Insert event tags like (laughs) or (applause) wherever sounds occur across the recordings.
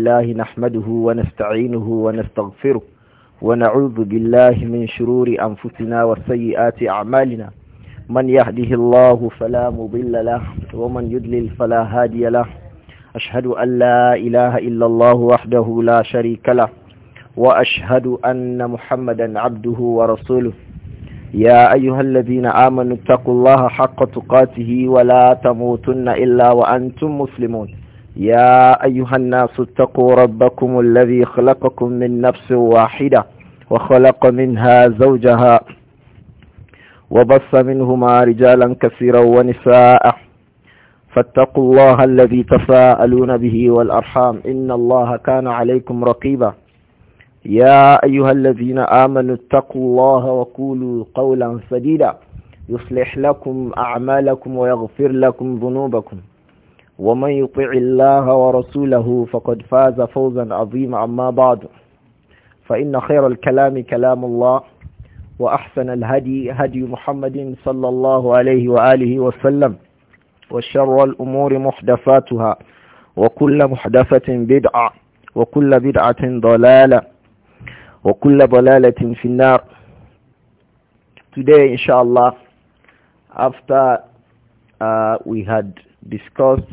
الله نحمده ونستعينه ونستغفره ونعوذ بالله من شرور أنفسنا وسيئات أعمالنا من يهده الله فلا مضل له ومن يدلل فلا هادي له أشهد أن لا إله إلا الله وحده لا شريك له وأشهد أن محمدا عبده ورسوله يا أيها الذين آمنوا اتقوا الله حق تقاته ولا تموتن إلا وأنتم مسلمون يا أيها الناس اتقوا ربكم الذي خلقكم من نفس واحدة وخلق منها زوجها وبص منهما رجالا كثيرا ونساء فاتقوا الله الذي تساءلون به والأرحام إن الله كان عليكم رقيبا يا أيها الذين آمنوا اتقوا الله وقولوا قولا سديدا يصلح لكم أعمالكم ويغفر لكم ذنوبكم ومن يطع الله ورسوله فقد فاز فوزا عظيما أما بعد فإن خير الكلام كلام الله وأحسن الهدي هدي محمد صلى الله عليه وآله وسلم وشر الأمور محدثاتها وكل محدثة بدعة وكل بدعة ضلالة وكل ضلالة في النار Today inshallah after uh, we had discussed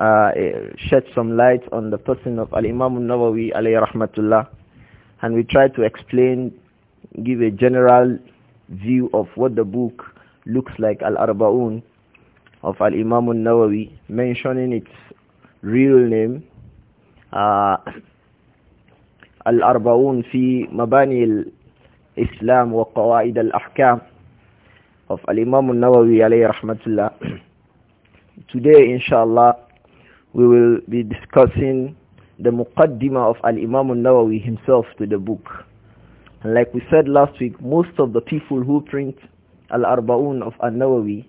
uh, eh, shed some light on the person of Al-Imam al-Nawawi alayhi rahmatullah and we try to explain, give a general view of what the book looks like, Al-Arba'un of Al-Imam al-Nawawi, mentioning its real name, uh, Al-Arba'un fi Mabani al-Islam wa Qawaid al-Ahkam of Al-Imam al-Nawawi alayhi rahmatullah. (clears throat) Today, inshallah, we will be discussing the Muqaddimah of Al-Imam al-Nawawi himself to the book. And like we said last week, most of the people who print Al-Arba'un of Al-Nawawi,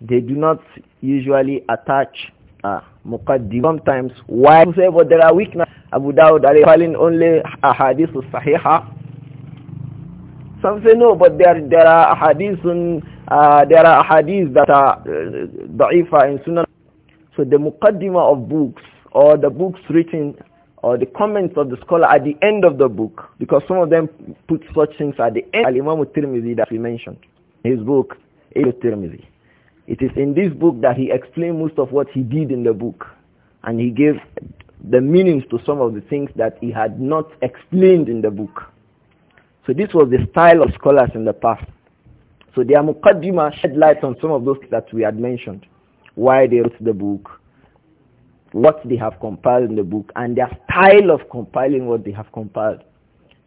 they do not usually attach a Muqaddimah. Sometimes, why say, but there are weaknesses. Abu Dawud, are calling only ahadith sahiha? Some say no, but there, there are ahadith, uh, there are ahadith that are uh, da'ifa in Sunan so the muqaddimah of books or the books written or the comments of the scholar at the end of the book because some of them put such things at the end. Al-Imam al-Tirmidhi that we mentioned his book al-Tirmidhi. It is in this book that he explained most of what he did in the book and he gave the meanings to some of the things that he had not explained in the book. So this was the style of scholars in the past. So their muqaddimah shed light on some of those that we had mentioned why they wrote the book, what they have compiled in the book, and their style of compiling what they have compiled.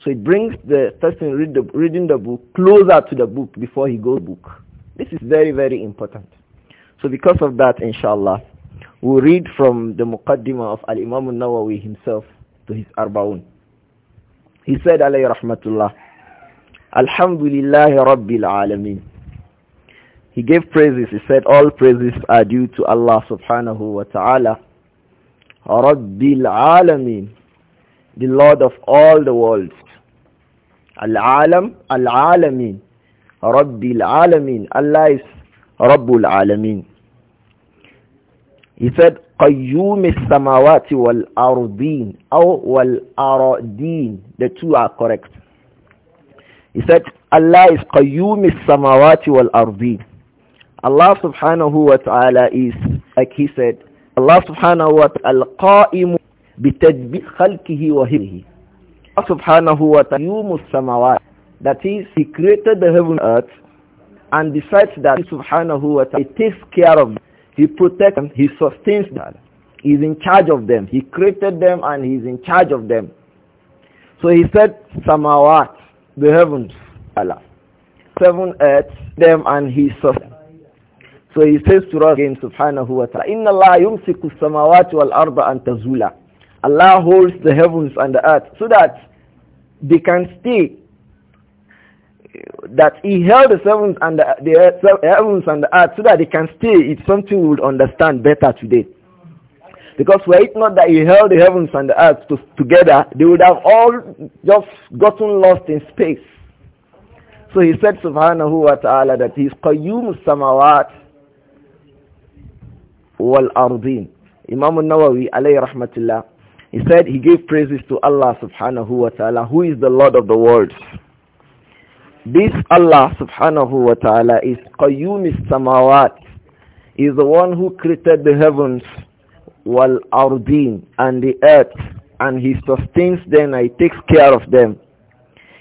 So it brings the person read the, reading the book closer to the book before he goes book. This is very, very important. So because of that, inshallah, we'll read from the Muqaddimah of Al-Imam al-Nawawi himself to his Arbaun. He said, alayhi rahmatullah, Alhamdulillahi Rabbil Alameen. He gave praises. He said, all praises are due to Allah subhanahu wa ta'ala. Rabbil Alameen, the Lord of all the worlds. Al-Alam, Al-Alameen. Rabbil Alameen. Allah is Rabbul Alameen. He said, wal السماوات والأرضين "wal والأرضين the two are correct he said Allah is Samawati wal والأرضين Allah subhanahu wa ta'ala is, like he said, Allah subhanahu wa ta'ala qaimu bitadbi khalqihi wa Allah subhanahu wa ta'ala That is, he created the heaven and earth and decides that he subhanahu wa ta'ala takes care of them. He protects them. He sustains them. He's in charge of them. He created them and he's in charge of them. So he said, samawat, the heavens, Allah. Seven earths, them and he sustains so he says to us again, subhanahu wa ta'ala, إِنَّ اللَّهَ يُمْسِكُ السَّمَوَاتِ وَالْأَرْضَ Allah holds the heavens and the earth so that they can stay. That he held the heavens and the, the, earth, heavens and the earth so that they can stay. It's something would understand better today. Because were it not that he held the heavens and the earth to, together, they would have all just gotten lost in space. So he said subhanahu wa ta'ala that he is qayyum samawat wal-ardin. Imam al-Nawawi, alayhi rahmatullah, he said he gave praises to Allah subhanahu wa ta'ala, who is the Lord of the worlds. This Allah subhanahu wa ta'ala is Qayyum samawat is the one who created the heavens, wal-ardin, and the earth, and he sustains them and he takes care of them.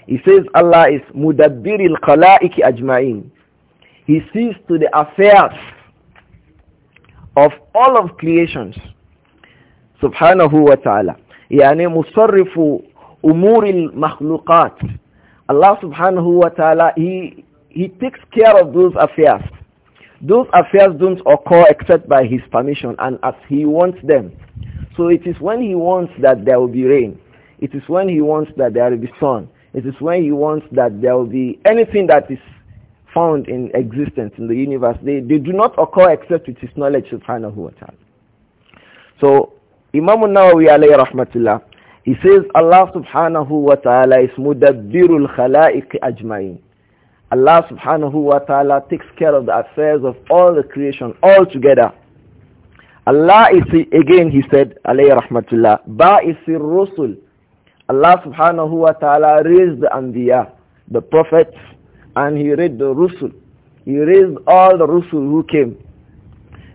He says Allah is Mudabbir al-Khala'iki ajma'in. He sees to the affairs of all of creations subhanahu wa ta'ala yani musarrifu umuril makhluqat Allah subhanahu wa ta'ala he he takes care of those affairs those affairs don't occur except by his permission and as he wants them so it is when he wants that there will be rain it is when he wants that there will be sun it is when he wants that there will be anything that is found in existence in the universe. They, they do not occur except with his knowledge subhanahu wa ta'ala. So Imam Nawawi alayhi rahmatullah, he says Allah subhanahu wa ta'ala is mudabbirul khalaiq ajma'in. Allah subhanahu wa ta'ala takes care of the affairs of all the creation altogether. Allah is, again he said, alayhi rahmatullah, ba'isir rusul. Allah subhanahu wa ta'ala raised the anbiya, the prophets, and he read the Rusul. He raised all the Rusul who came.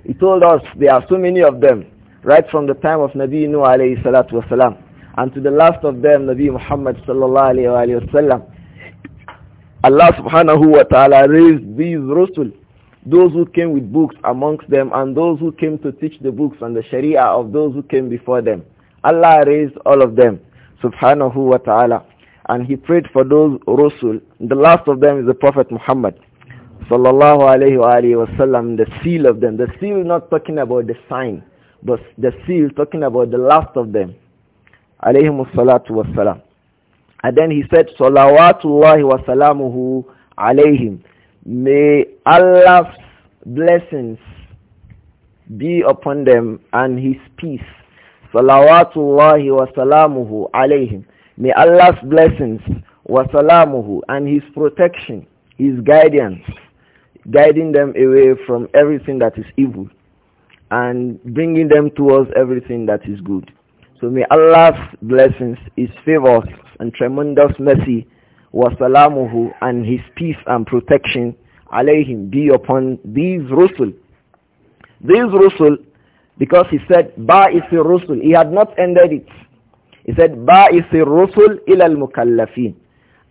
He told us there are so many of them, right from the time of Nabi Nuh alayhi salatu wasalam, and to the last of them, Nabi Muhammad sallallahu alayhi wasallam. Allah subhanahu wa ta'ala raised these Rusul, those who came with books amongst them, and those who came to teach the books and the sharia of those who came before them. Allah raised all of them, subhanahu wa ta'ala and he prayed for those Rasul. The last of them is the Prophet Muhammad sallallahu alayhi wa wasallam, the seal of them. The seal not talking about the sign, but the seal talking about the last of them. alayhi salatu wasalam. And then he said, salawatullahi wa salamuhu alayhim. May Allah's blessings be upon them and his peace. Salawatullahi wa salamuhu alayhim. May Allah's blessings, wasalamuhu, and his protection, his guidance, guiding them away from everything that is evil and bringing them towards everything that is good. So may Allah's blessings, his favors and tremendous mercy, wasalamuhu, and his peace and protection, alayhim, be upon these Rusul. These Rusul, because he said, Ba'isi Rusul, he had not ended it. He said, Ba'isir Rusul ilal mukallafin.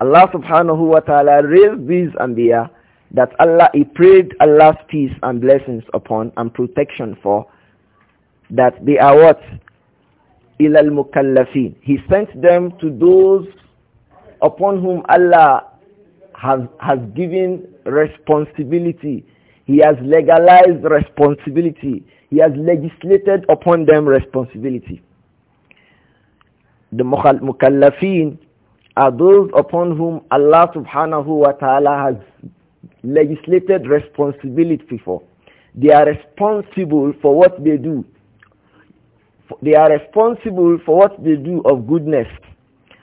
Allah subhanahu wa ta'ala raised these Anbiya that Allah, he prayed Allah's peace and blessings upon and protection for that they are what? Ilal mukallafin. He sent them to those upon whom Allah has, has given responsibility. He has legalized responsibility. He has legislated upon them responsibility the mukallafin are those upon whom Allah subhanahu wa ta'ala has legislated responsibility for. They are responsible for what they do. They are responsible for what they do of goodness.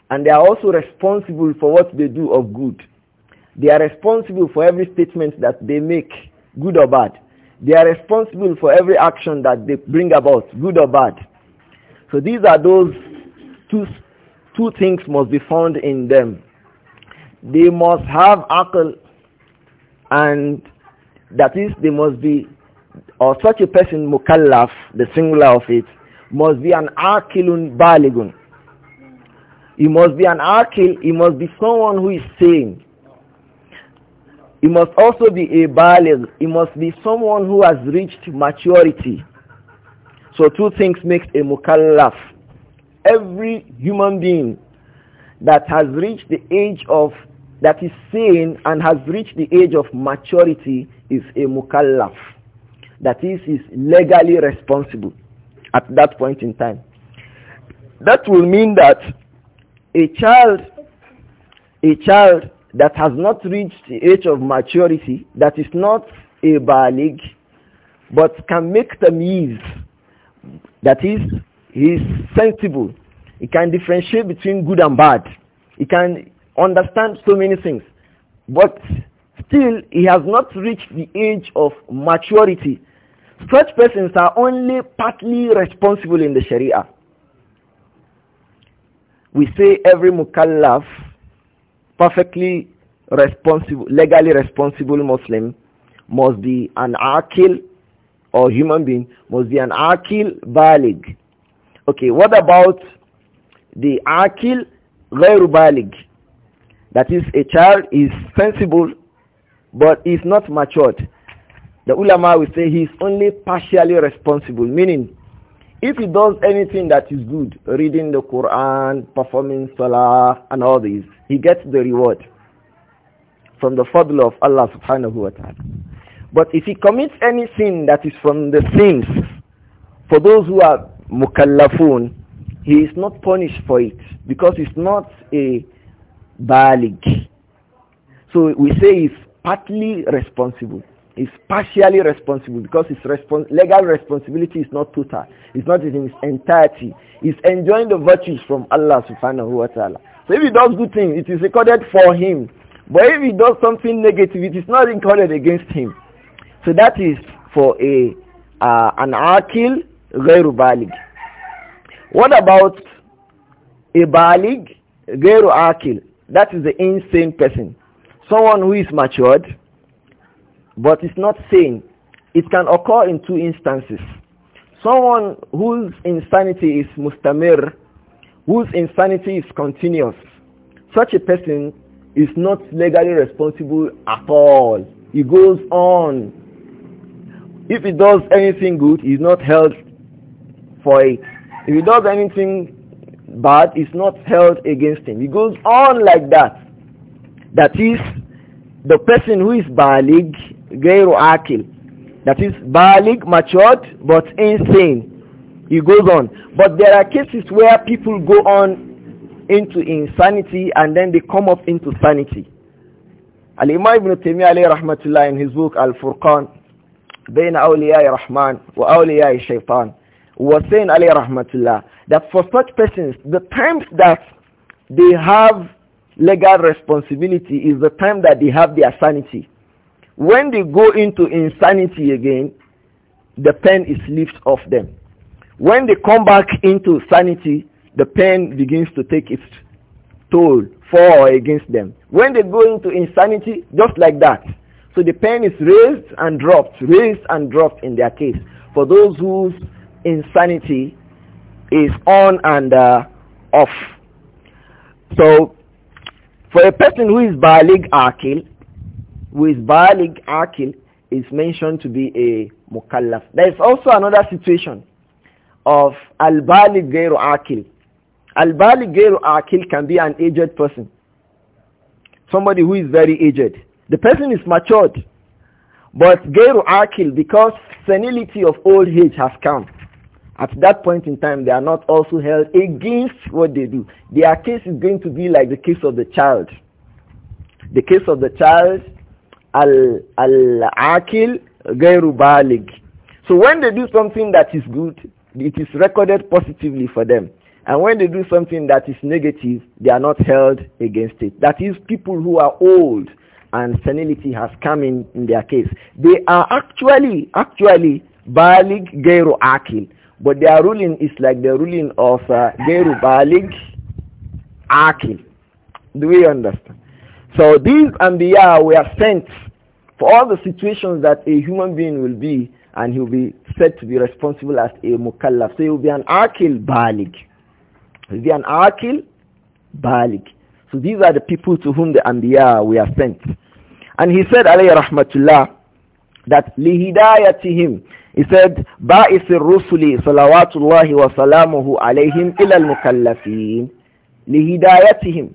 And they are also responsible for what they do of good. They are responsible for every statement that they make, good or bad. They are responsible for every action that they bring about, good or bad. So these are those two, two things must be found in them. They must have aql and that is they must be or such a person mukallaf the singular of it must be an akilun baligun he must be an akil he must be someone who is sane he must also be a baligh he must be someone who has reached maturity so two things makes a mukallaf every human being that has reached the age of that is sane and has reached the age of maturity is a mukallaf. That is, is legally responsible at that point in time. That will mean that a child, a child that has not reached the age of maturity, that is not a balig, but can make the tamyiz, that is, he is sensible. He can differentiate between good and bad. He can understand so many things. But still, he has not reached the age of maturity. Such persons are only partly responsible in the Sharia. We say every mukallaf, perfectly responsible, legally responsible Muslim, must be an akil or human being, must be an akil balig, Okay, what about the akil غير balig? That is, a child is sensible but is not matured. The ulama will say he is only partially responsible, meaning if he does anything that is good, reading the Quran, performing salah and all these, he gets the reward from the fadl of Allah subhanahu wa ta'ala. But if he commits any sin that is from the sins, for those who are mukallafun, he is not punished for it because it's not a balig. So we say he's partly responsible. He's partially responsible because his respons legal responsibility is not total. It's not in its entirety. He's enjoying the virtues from Allah subhanahu wa ta'ala. So if he does good things, it is recorded for him. But if he does something negative, it is not recorded against him. So that is for a uh, an akil غير بالغ what about a balig غير akil? that is the insane person someone who is matured but is not sane it can occur in two instances someone whose insanity is mustamir whose insanity is continuous such a person is not legally responsible at all he goes on if he does anything good he's not held for a, If he does anything bad, it's not held against him. He goes on like that. That is, the person who is balig, gairu akil. That is, balig, matured, but insane. He goes on. But there are cases where people go on into insanity and then they come up into sanity. Al-Imam Ibn Taymiyyah alayhi rahmatullah in his book Al-Furqan, بين أولياء الرحمن وأولياء الشيطان was saying, Ali Rahmatullah, that for such persons, the times that they have legal responsibility is the time that they have their sanity. When they go into insanity again, the pen is lifted off them. When they come back into sanity, the pen begins to take its toll for or against them. When they go into insanity, just like that. So the pen is raised and dropped, raised and dropped in their case. For those whose insanity is on and uh, off. So for a person who is baalig Akil, who is baalig Akil is mentioned to be a Mukallaf. There is also another situation of Al-Balig Gairu Akil. Al-Balig Gairu Akil can be an aged person. Somebody who is very aged. The person is matured. But Gairu Akil, because senility of old age has come, at that point in time, they are not also held against what they do. Their case is going to be like the case of the child. The case of the child, al-akil gairu balig. So when they do something that is good, it is recorded positively for them. And when they do something that is negative, they are not held against it. That is people who are old and senility has come in, in their case. They are actually, actually, balig gairu akil. But their ruling is like the ruling of the uh, Akil. Do we understand? So these Anbiya were sent for all the situations that a human being will be and he will be said to be responsible as a mukallaf. So he will be an Akil Balik. He will be an Akil Balik. So these are the people to whom the Anbiya were sent. And he said, alayhi rahmatullah, that lihidayatihim, He said, بَعِثِ الرُّسُلِ صَلَوَاتُ اللَّهِ وَسَلَامُهُ عَلَيْهِمْ إِلَى الْمُكَلَّفِينَ لِهِدَايَتِهِمْ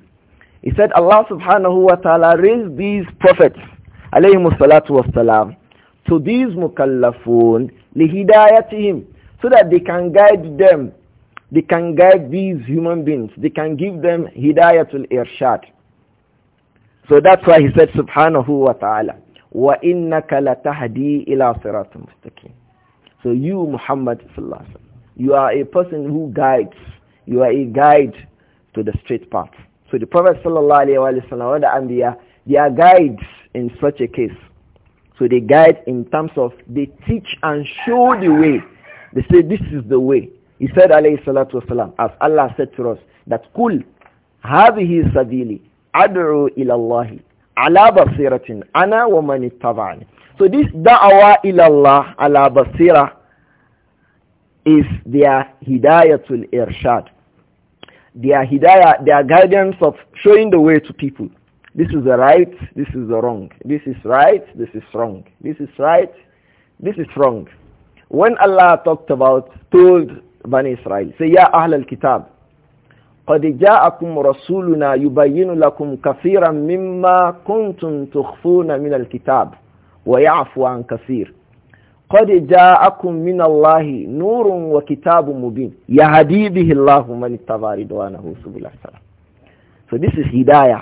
He said, Allah subhanahu wa ta'ala raised these prophets, alayhimu salatu wa salam, to these mukallafun, lihidayatihim, so that they can guide them, they can guide these human beings, they can give them hidayatul irshad. So that's why he said, subhanahu wa ta'ala, وَإِنَّكَ لَتَهْدِي إِلَى صِرَاتٍ مُسْتَكِينَ So you, Muhammad, you are a person who guides. You are a guide to the straight path. So the Prophet sallallahu and their, their guides in such a case. So they guide in terms of they teach and show the way. They say this is the way. He said alayhi salatu wasalam, as Allah said to us, that kul هذه sabili ad'u ila Allah ala basiratin ana wa man So this da'wa ila Allah ala basira is their hidayatul irshad. Their hidayah, their guidance of showing the way to people. This is the right, this is the wrong. This is right, this is wrong. This is right, this is wrong. When Allah talked about, told Bani Israel, say, Ya Ahl al-Kitab, قد جاءكم رسولنا يبين لكم كثيرا مما كنتم تخفون من الكتاب ويعفو عن كثير قد جاءكم من الله نور وكتاب مبين يهدي به الله من اتبع رضوانه سبل السلام So this is hidayah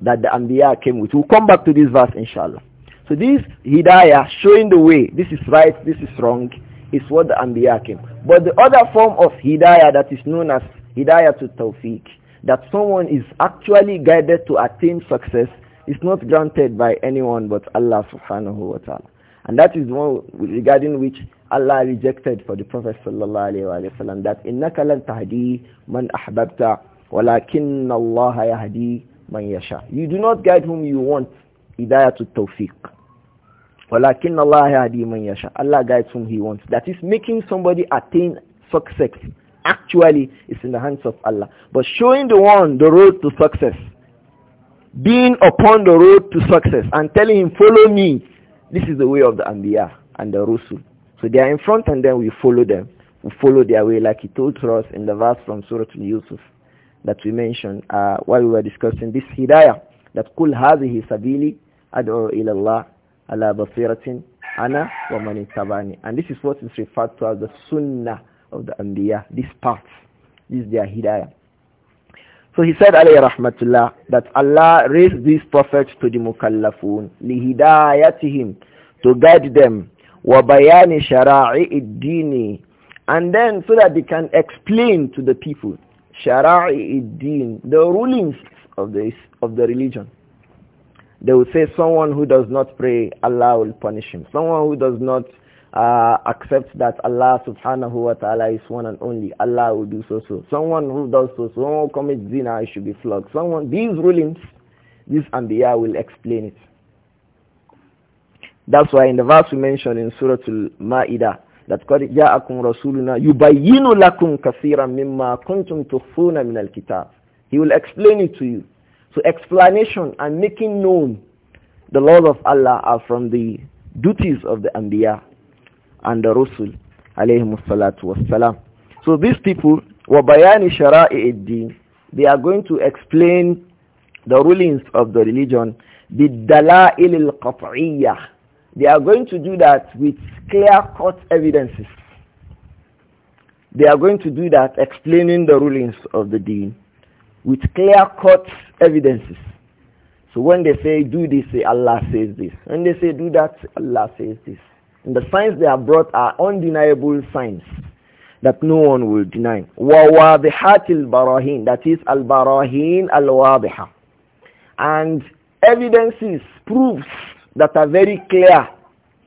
that the Anbiya came with. We'll come back to this verse inshallah. So this hidayah showing the way, this is right, this is wrong, is what the Anbiya came. But the other form of hidayah that is known as hidayah to tawfiq, that someone is actually guided to attain success, is not granted by anyone but Allah subhanahu wa ta'ala. And that is one regarding which Allah rejected for the Prophet sallallahu alaihi wasallam that إنكَ lan تَهدي man ahbabta ولكنَ Allah يهدي man yasha. You do not guide whom you want. Hidayah to tawfiq. Walakinna Allah yahdi man yasha. Allah guides whom he wants. That is making somebody attain success. Actually, it's in the hands of Allah. But showing the one the road to success, being upon the road to success and telling him, follow me, this is the way of the Anbiya and the Rusul. So they are in front and then we follow them. We follow their way like he told us in the verse from Surah Al-Yusuf that we mentioned uh, while we were discussing this hidayah that kul hadhihi sabili ad'u ila Allah ala basiratin ana wa man tabani. and this is what is referred to as the sunnah of the anbiya this path this is their hidayah so he said, alayhi rahmatullah, that Allah raised these prophets to the mukallafun, lihidayatihim, to guide them, wa bayani shara'i dini and then so that they can explain to the people, shara'i din the rulings of the, of the religion. They will say, someone who does not pray, Allah will punish him. Someone who does not uh, that Allah subhanahu wa ta'ala is one and only. Allah will do so so. Someone who does so, someone who commits zina, should be flogged. Someone, these rulings, this Anbiya will explain it. That's why in the verse we mentioned in Surah Al-Ma'idah, that قد جاءكم رسولنا يبين لكم كثيرا مما كنتم تخفون من الكتاب. He will explain it to you. So explanation and making known the laws of Allah are from the duties of the Anbiya and the Rasul alayhi salatu wassalam. So these people were bayani shara'i They are going to explain the rulings of the religion bidala'il al-qat'iyyah. They are going to do that with clear-cut evidences. They are going to do that explaining the rulings of the deen with clear-cut evidences. So when they say do this, say Allah says this. When they say do that, Allah says this. And the signs they have brought are undeniable signs that no one will deny. وَوَاضِحَاتِ الْبَرَاهِينَ That is al-barahin al-wadiha. And evidences, proofs that are very clear.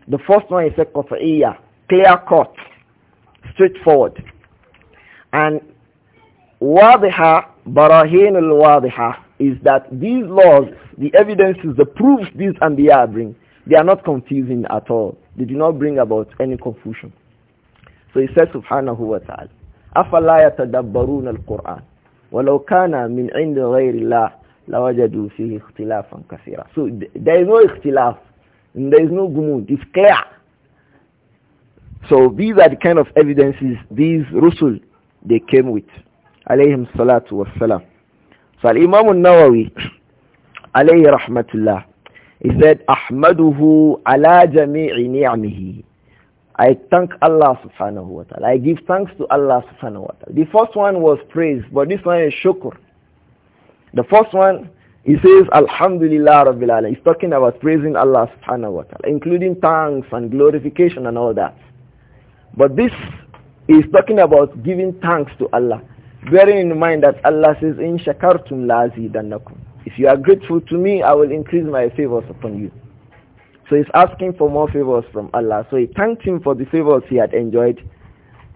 The first one is a qat'iyya, clear cut, straightforward. And wadiha, barahin al-wadiha is that these laws, the evidences, the proofs these and the bring they are not confusing at all. They do not bring about any confusion. So he says subhanahu wa ta'ala, أَفَلَا يَتَدَبَّرُونَ الْقُرْآنَ وَلَوْ كَانَ مِنْ عِنْدِ غَيْرِ اللَّهِ لَوَجَدُوا فِيهِ اخْتِلَافًا كَثِيرًا So there is no And There is no gumud. It's clear. So these are the kind of evidences these Rusul they came with. Alayhim salatu wassalam. So Imam al-Nawawi alayhi rahmatullah he said, Ahmaduhu ala jami'i ni'amihi. I thank Allah subhanahu wa ta'ala. I give thanks to Allah subhanahu wa ta'ala. The first one was praise, but this one is shukr. The first one, he says, Alhamdulillah Rabbil Alam. He's talking about praising Allah subhanahu wa ta'ala, including thanks and glorification and all that. But this is talking about giving thanks to Allah, bearing in mind that Allah says, In shakartum la if you are grateful to me, I will increase my favors upon you. So he's asking for more favors from Allah. So he thanked him for the favors he had enjoyed.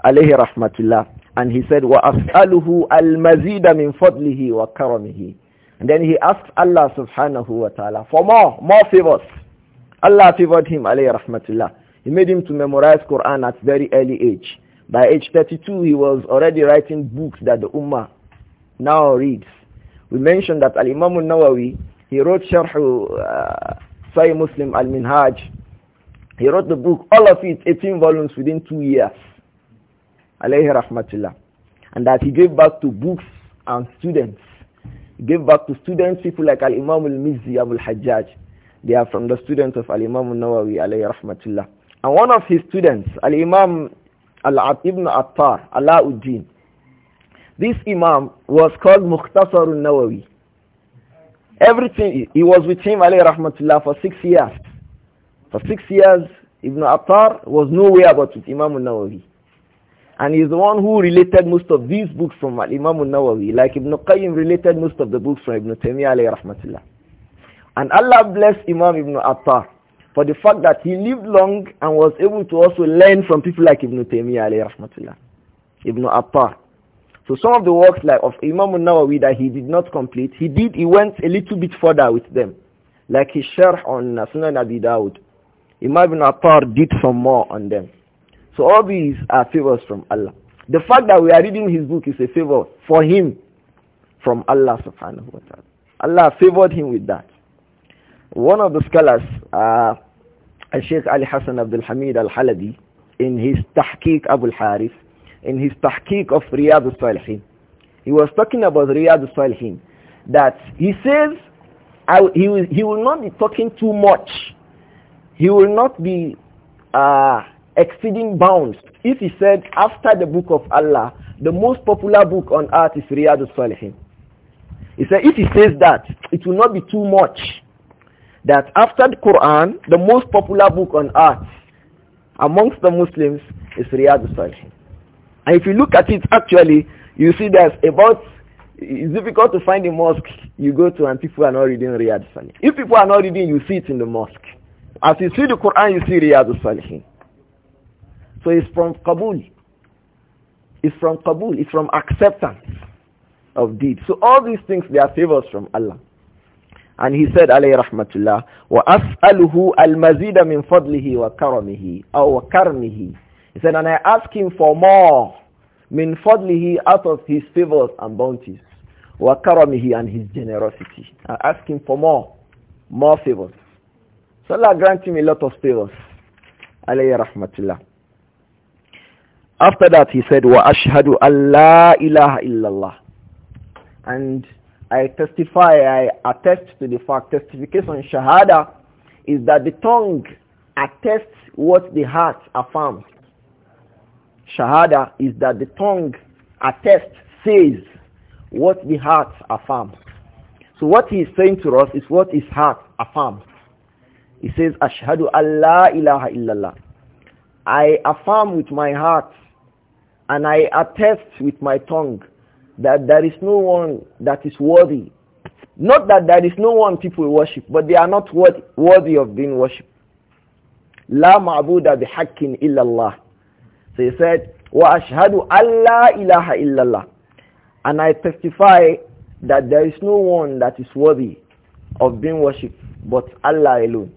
Alayhi rahmatullah. And he said, وَأَسْأَلُهُ الْمَزِيدَ مِنْ فَضْلِهِ وَكَرَمِهِ And then he asked Allah subhanahu wa ta'ala for more, more favors. Allah favored him, alayhi rahmatullah. He made him to memorize Quran at very early age. By age 32, he was already writing books that the Ummah now reads. We mentioned that Al-Imam al-Nawawi, he wrote Sharh uh, Sahih Muslim al-Minhaj. He wrote the book, all of it, 18 volumes within two years. Alayhi rahmatullah. And that he gave back to books and students. He gave back to students, people like Al-Imam al-Mizzi, al-Hajjaj. They are from the students of Al-Imam al-Nawawi, alayhi rahmatullah. And one of his students, Al-Imam al Ibn Attar, Alauddin, this Imam was called al nawawi Everything, he was with him, alayhi rahmatullah, for six years. For six years, Ibn Attar was nowhere but with Imam nawawi and he's the one who related most of these books from Imam al-Nawawi like Ibn Qayyim related most of the books from Ibn Taymiyyah alayhi rahmatullah and Allah bless Imam Ibn Attar for the fact that he lived long and was able to also learn from people like Ibn Taymiyyah alayhi rahmatullah Ibn Attar so some of the works like of Imam Nawawi that he did not complete, he did, he went a little bit further with them. Like his sharh on uh, Sunan Abi Dawud. Imam Ibn Attar did some more on them. So all these are favors from Allah. The fact that we are reading his book is a favor for him from Allah subhanahu wa ta'ala. Allah favored him with that. One of the scholars, uh, Sheikh Ali Hassan Abdul Hamid Al-Halabi, in his Tahqiq Abu Al-Harith, in his tahqiq of Riyadh al-Salihin. He was talking about Riyadh al-Salihin. That he says he, will, he will not be talking too much. He will not be uh, exceeding bounds. If he said after the book of Allah, the most popular book on earth is Riyadh al-Salihin. He said if he says that, it will not be too much. That after the Quran, the most popular book on earth amongst the Muslims is Riyadh al-Salihin. And if you look at it actually, you see there's about, it's difficult to find a mosque you go to and people are not reading Riyadh Salih. If people are not reading, you see it in the mosque. As you see the Quran, you see Riyadh Salihin. So it's from Kabul. It's from Kabul. It's from acceptance of deeds. So all these things, they are favors from Allah. And he said, alayhi rahmatullah, Min Fadlihi Wa فَضْلِهِ وَكَرَمِهِ Wa وَكَرْمِهِ he said, and I ask him for more. Min fadlihi out of his favors and bounties. Wa karamihi and his generosity. I ask him for more. More favors. So Allah grant him a lot of favors. Alayhi rahmatullah. After that he said, Wa ashhadu Allah ilaha illallah. And I testify, I attest to the fact, testification shahada is that the tongue attests what the heart affirms. Shahada is that the tongue attests, says what the heart affirms. So what he is saying to us is what his heart affirms. He says, Ashhadu Allah ilaha illallah. I affirm with my heart and I attest with my tongue that there is no one that is worthy. Not that there is no one people worship, but they are not worthy, worthy of being worshipped. La ma'buda bihaqqin illallah. So he said, "Wa ashhadu إِلَهَ ilaha illallah," And I testify that there is no one that is worthy of being worshipped but Allah alone.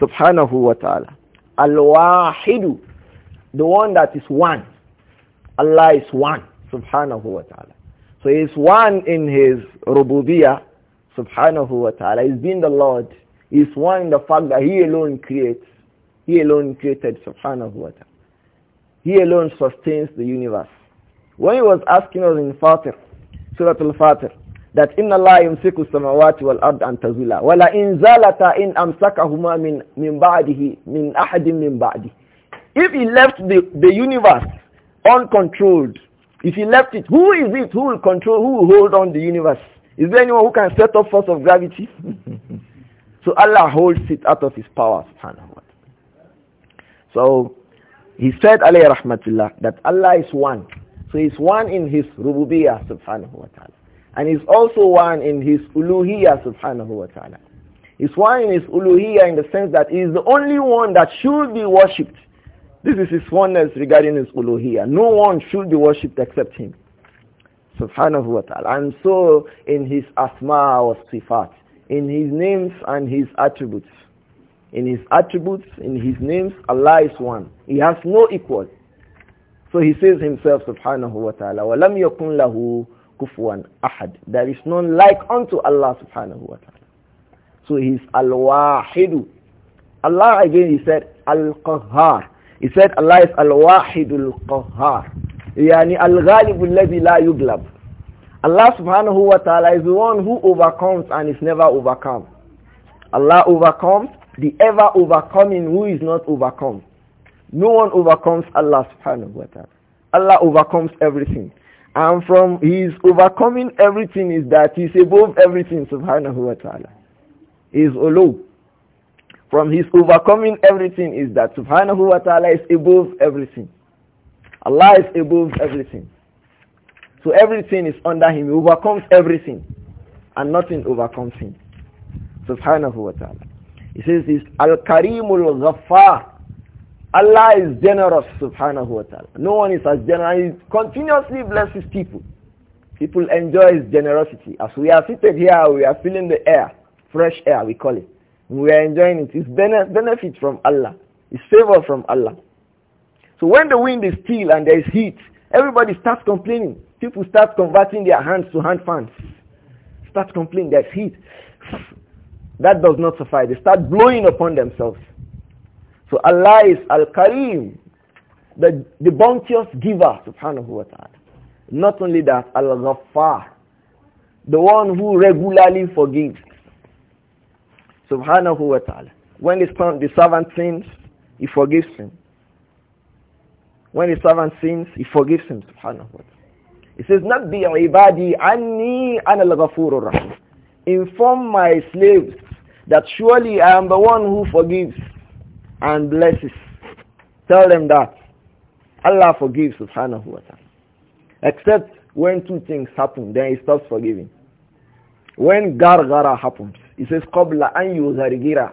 Subhanahu wa ta'ala. Al-Wahidu, the one that is one. Allah is one, subhanahu wa ta'ala. So he is one in his rububiyah, subhanahu wa ta'ala. He's been the Lord. is one in the fact that he alone creates. He alone created, subhanahu wa ta'ala. He alone sustains the universe. When he was asking us in Fatir, Surah Al-Fatir, that inna Allah yumsiku samawati wal ard an tazula wala in zalata in amsakahuma min min ba'dihi min ahadin min ba'di if he left the, the universe uncontrolled if he left it who is it who will control who will hold on the universe is there anyone who can set up force of gravity (laughs) so Allah holds it out of his power so he said, alayhi rahmatullah, that Allah is one. So he's one in his rububiyah subhanahu wa ta'ala. And he's also one in his uluhiyah subhanahu wa ta'ala. He's one in his uluhiyah in the sense that he is the only one that should be worshipped. This is his oneness regarding his uluhiyah. No one should be worshipped except him. Subhanahu wa ta'ala. And so in his asma wa sifat, in his names and his attributes. In his attributes, in his names, Allah is one. He has no equal. So he says himself, subhanahu wa ta'ala, وَلَمْ يَكُنْ لَهُ كُفُوًا أَحَدٍ There is none like unto Allah subhanahu wa ta'ala. So he's al-wahidu. Allah again, he said, al-qahhar. He said, Allah is al-wahidul qahhar. Yani al-ghalibu alladhi la yuglab. Allah subhanahu wa ta'ala is the one who overcomes and is never overcome. Allah overcomes the ever overcoming who is not overcome. No one overcomes Allah subhanahu wa ta'ala. Allah overcomes everything. And from his overcoming everything is that he's above everything subhanahu wa ta'ala. He is From his overcoming everything is that subhanahu wa ta'ala is above everything. Allah is above everything. So everything is under him. He overcomes everything. And nothing overcomes him. Subhanahu wa ta'ala. He says this, Al-Karimul Ghaffar. Allah is generous, subhanahu wa ta'ala. No one is as generous. He continuously blesses people. People enjoy his generosity. As we are seated here, we are feeling the air, fresh air, we call it. We are enjoying it. It's bene benefit from Allah. It's favor from Allah. So when the wind is still and there is heat, everybody starts complaining. People start converting their hands to hand fans. Start complaining, there's heat. That does not suffice. They start blowing upon themselves. So Allah is Al-Karim, the, the bounteous giver, subhanahu wa ta'ala. Not only that, Al-Ghaffar, the one who regularly forgives, subhanahu wa ta'ala. When the, the servant sins, he forgives him. When the servant sins, he forgives him, subhanahu wa ta'ala. He says, نَبِّي عِبَادِي عَنِّي أَنَا الْغَفُورُ الرَّحِيمُ inform my slaves that surely I am the one who forgives and blesses. Tell them that. Allah forgives subhanahu wa ta'ala. Except when two things happen, then he stops forgiving. When gargara happens, he says, Qabla an yuzarigira.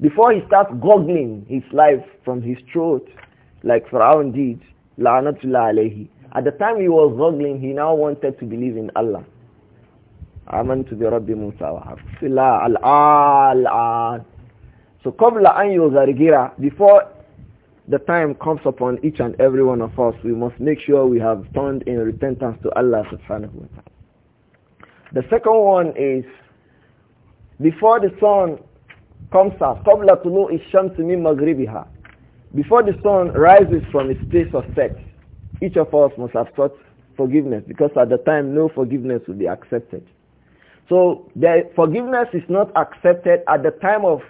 Before he starts goggling his life from his throat, like Pharaoh did, la'anatullah alayhi. At the time he was goggling, he now wanted to believe in Allah. آمنت برب موسى وعبد في الله الآن الآن So قبل an يغرغر before the time comes upon each and every one of us we must make sure we have turned in repentance to Allah subhanahu wa ta'ala. The second one is before the sun comes up قبل طلوع الشمس من before the sun rises from its place of set each of us must have sought forgiveness because at the time no forgiveness will be accepted. So the forgiveness is not accepted at the time of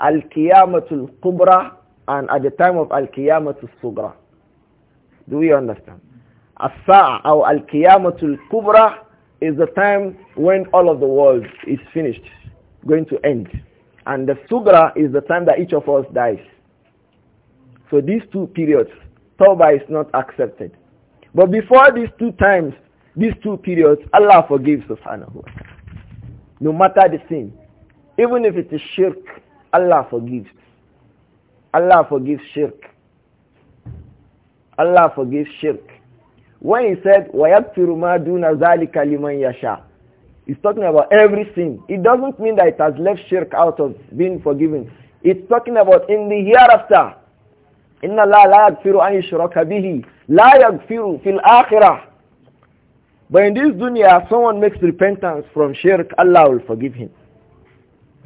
Al-Qiyamatul Kubra and at the time of Al-Qiyamatul Sugra. Do we understand? As-Sa'a or Al-Qiyamatul Kubra is the time when all of the world is finished, going to end. And the Sugra is the time that each of us dies. So these two periods, Tawbah is not accepted. But before these two times, these two periods, Allah forgives subhanahu wa ta'ala. No matter the sin. Even if it is shirk, Allah forgives. Allah forgives shirk. Allah forgives shirk. When he said, وَيَكْفِرُ مَا دُونَ ذَلِكَ لِمَنْ يَشَاءُ He's talking about every sin. It doesn't mean that it has left shirk out of being forgiven. It's talking about in the hereafter. إِنَّ اللَّهَ لَا يَغْفِرُ أَنْ يُشْرَكَ بِهِ لَا يَغْفِرُ فِي الْآخِرَةِ but in this dunya, someone makes repentance from shirk, Allah will forgive him.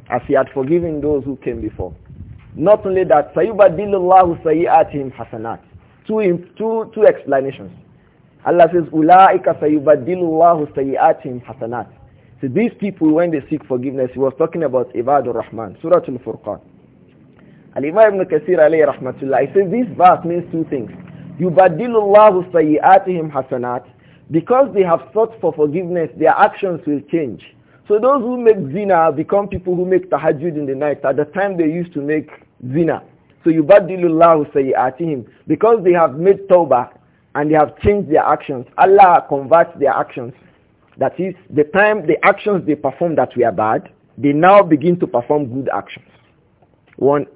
As he had forgiven those who came before. Not only that, سَيُبَدِّلُ اللَّهُ سَيِّئَاتِهِمْ حَسَنَاتٍ two, two, two explanations. Allah says, أُولَٰئِكَ سَيُبَدِّلُ اللَّهُ سَيِّئَاتِهِمْ حَسَنَاتٍ So these people, when they seek forgiveness, he was talking about Ibadur Rahman, Surah Al-Furqan. Al-Imam Ibn Kathir alayhi rahmatullah, he says this verse means two things. يُبَدِّلُ اللَّهُ سَيِّئَاتِهِمْ حَسَنَاتٍ because they have sought for forgiveness, their actions will change. So those who make zina become people who make tahajjud in the night at the time they used to make zina. So yubadilullahu sayyatihim. Because they have made tawbah and they have changed their actions, Allah converts their actions. That is, the time the actions they perform that were bad, they now begin to perform good actions. One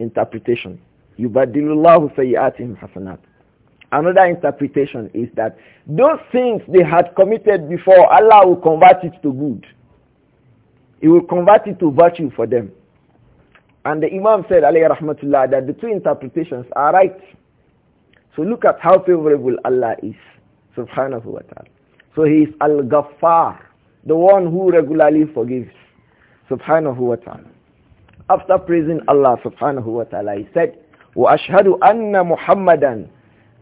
interpretation. Yubadilullahu sayyatihim hasanat. Another interpretation is that those things they had committed before, Allah will convert it to good. He will convert it to virtue for them. And the Imam said, alayhi rahmatullah, that the two interpretations are right. So look at how favorable Allah is, subhanahu wa ta'ala. So he is al-ghaffar, the one who regularly forgives, subhanahu wa ta'ala. After praising Allah subhanahu wa ta'ala, he said, وَأَشْهَدُ أَنَّ مُحَمَّدًا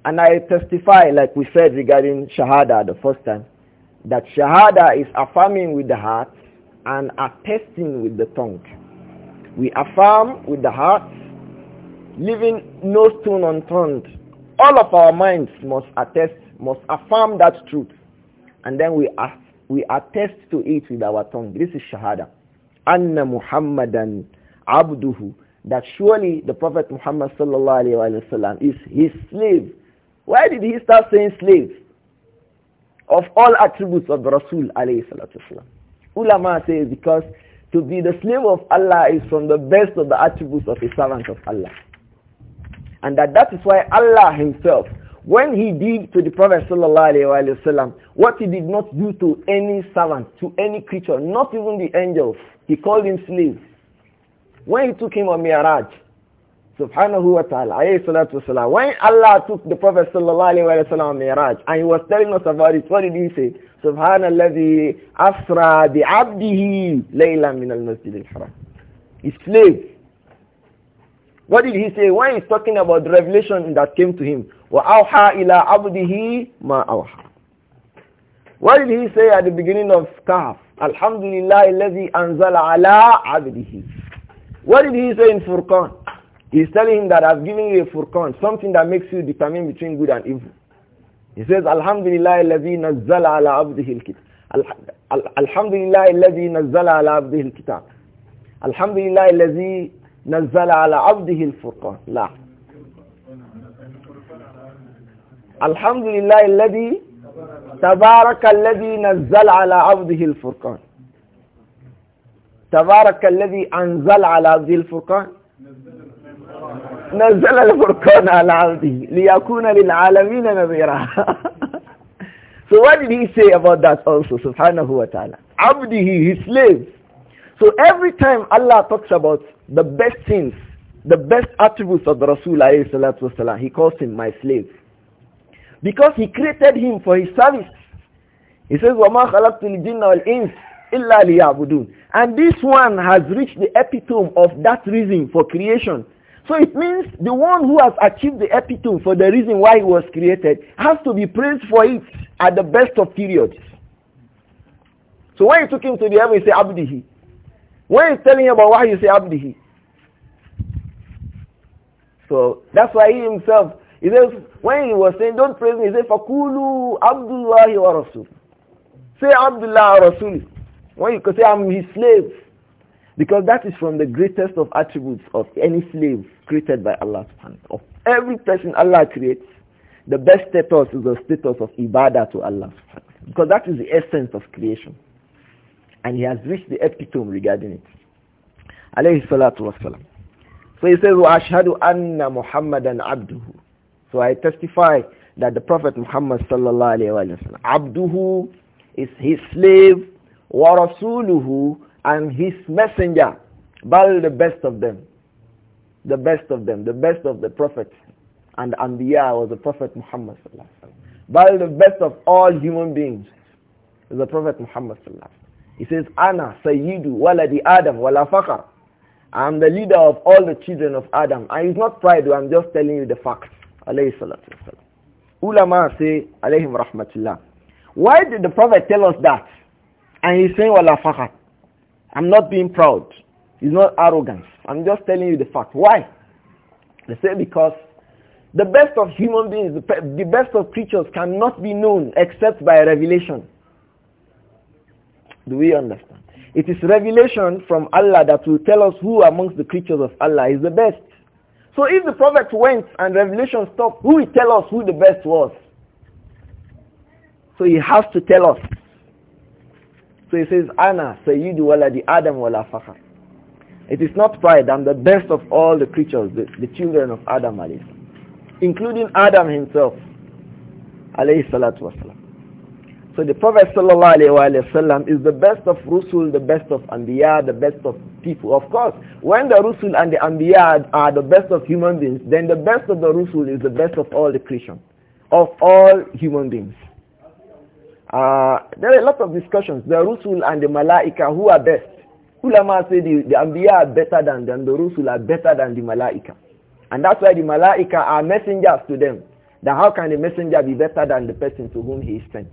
and I testify, like we said regarding Shahada the first time, that Shahada is affirming with the heart and attesting with the tongue. We affirm with the heart, leaving no stone unturned. All of our minds must attest, must affirm that truth. And then we, we attest to it with our tongue. This is Shahada. Anna Muhammadan abduhu that surely the Prophet Muhammad sallallahu alayhi wasallam is his slave. Why did he start saying slaves? Of all attributes of Rasul alayhi salatu wasalam. Ulama says because to be the slave of Allah is from the best of the attributes of a servant of Allah. And that that is why Allah himself, when he did to the Prophet wasallam, what he did not do to any servant, to any creature, not even the angels, he called him slave. When he took him on Miraj, subhanahu wa ta'ala alayhi salatu wasalam when Allah took the Prophet sallallahu alayhi wa sallam miraj and he was telling us about it what did he say subhanalladhi asra bi abdihi layla min al masjid al haram his slave what did he say when he's talking about the revelation that came to him wa awha ila abdihi ma awha what did he say at the beginning of Kahf alhamdulillah alladhi anzala ala abdihi what did he say in Furqan He's telling him that I've given you a furqan, something that makes you determine between good and evil. He says, Alhamdulillah, الذي نزل على عبده الكتاب. الحمد لله الذي نزل على عبده الكتاب. الحمد لله الذي نزل على عبده الفرقان. لا. الحمد لله الذي تبارك الذي نزل على عبده الفرقان. تبارك الذي أنزل على عبده الفرقان نزل الفرقان على عبده ليكون للعالمين نذيرا So what did he say about that also subhanahu wa ta'ala? Abdihi, his slave. So every time Allah talks about the best things, the best attributes of the Rasul alayhi salatu wasalam, he calls him my slave. Because he created him for his service. He says, وَمَا خَلَقْتُ الْجِنَّ وَالْإِنسِ إِلَّا لِيَعْبُدُونَ And this one has reached the epitome of that reason for creation. So it means the one who has achieved the epitome for the reason why he was created has to be praised for it at the best of periods. So when he took him to the heaven, he say Abdihi. When he's telling him about why, you say Abdihi. So that's why he himself, he says, when he was saying, don't praise me, he said, Fakulu Abdullahi wa Rasul. Say Abdullah Rasul. When you say, I'm his slave. Because that is from the greatest of attributes of any slave created by Allah subhanahu Of every person Allah creates, the best status is the status of ibadah to Allah Because that is the essence of creation. And he has reached the epitome regarding it. Alayhi salatu wasalam. So he says, وَأَشْهَدُ أَنَّ مُحَمَّدًا عَبْدُهُ So I testify that the Prophet Muhammad sallallahu alayhi wa sallam, عَبْدُهُ is his slave, وَرَسُولُهُ and his messenger, Bal the best of them, the best of them, the best of the prophets and Anbiya was the Prophet Muhammad Bal the best of all human beings is the Prophet Muhammad He says, Ana Sayyidu Waladi Adam Wala Fakar. I am the leader of all the children of Adam. And it's not pride, I'm just telling you the facts. Alayhi salatu Ulama say, alayhim rahmatullah. Why did the Prophet tell us that? And he's saying, wala I'm not being proud. It's not arrogance. I'm just telling you the fact. Why? They say because the best of human beings, the best of creatures cannot be known except by revelation. Do we understand? It is revelation from Allah that will tell us who amongst the creatures of Allah is the best. So if the prophet went and revelation stopped, who will tell us who the best was? So he has to tell us. So he says, Ana well. The Adam Wala Fakhar. It is not pride. I'm the best of all the creatures, the, the children of Adam alayhi including Adam himself alayhi salatu wasalam. So the Prophet sallallahu alayhi wa sallam is the best of Rusul, the best of Anbiya, the best of people. Of course, when the Rusul and the Anbiya are the best of human beings, then the best of the Rusul is the best of all the creation, of all human beings. Uh, there are a lot of discussions. The Rusul and the Malaika, who are best? Ulama say the, the Anbiya are better than the Rusul are better than the Malaika. And that's why the Malaika are messengers to them. Then how can the messenger be better than the person to whom he is sent?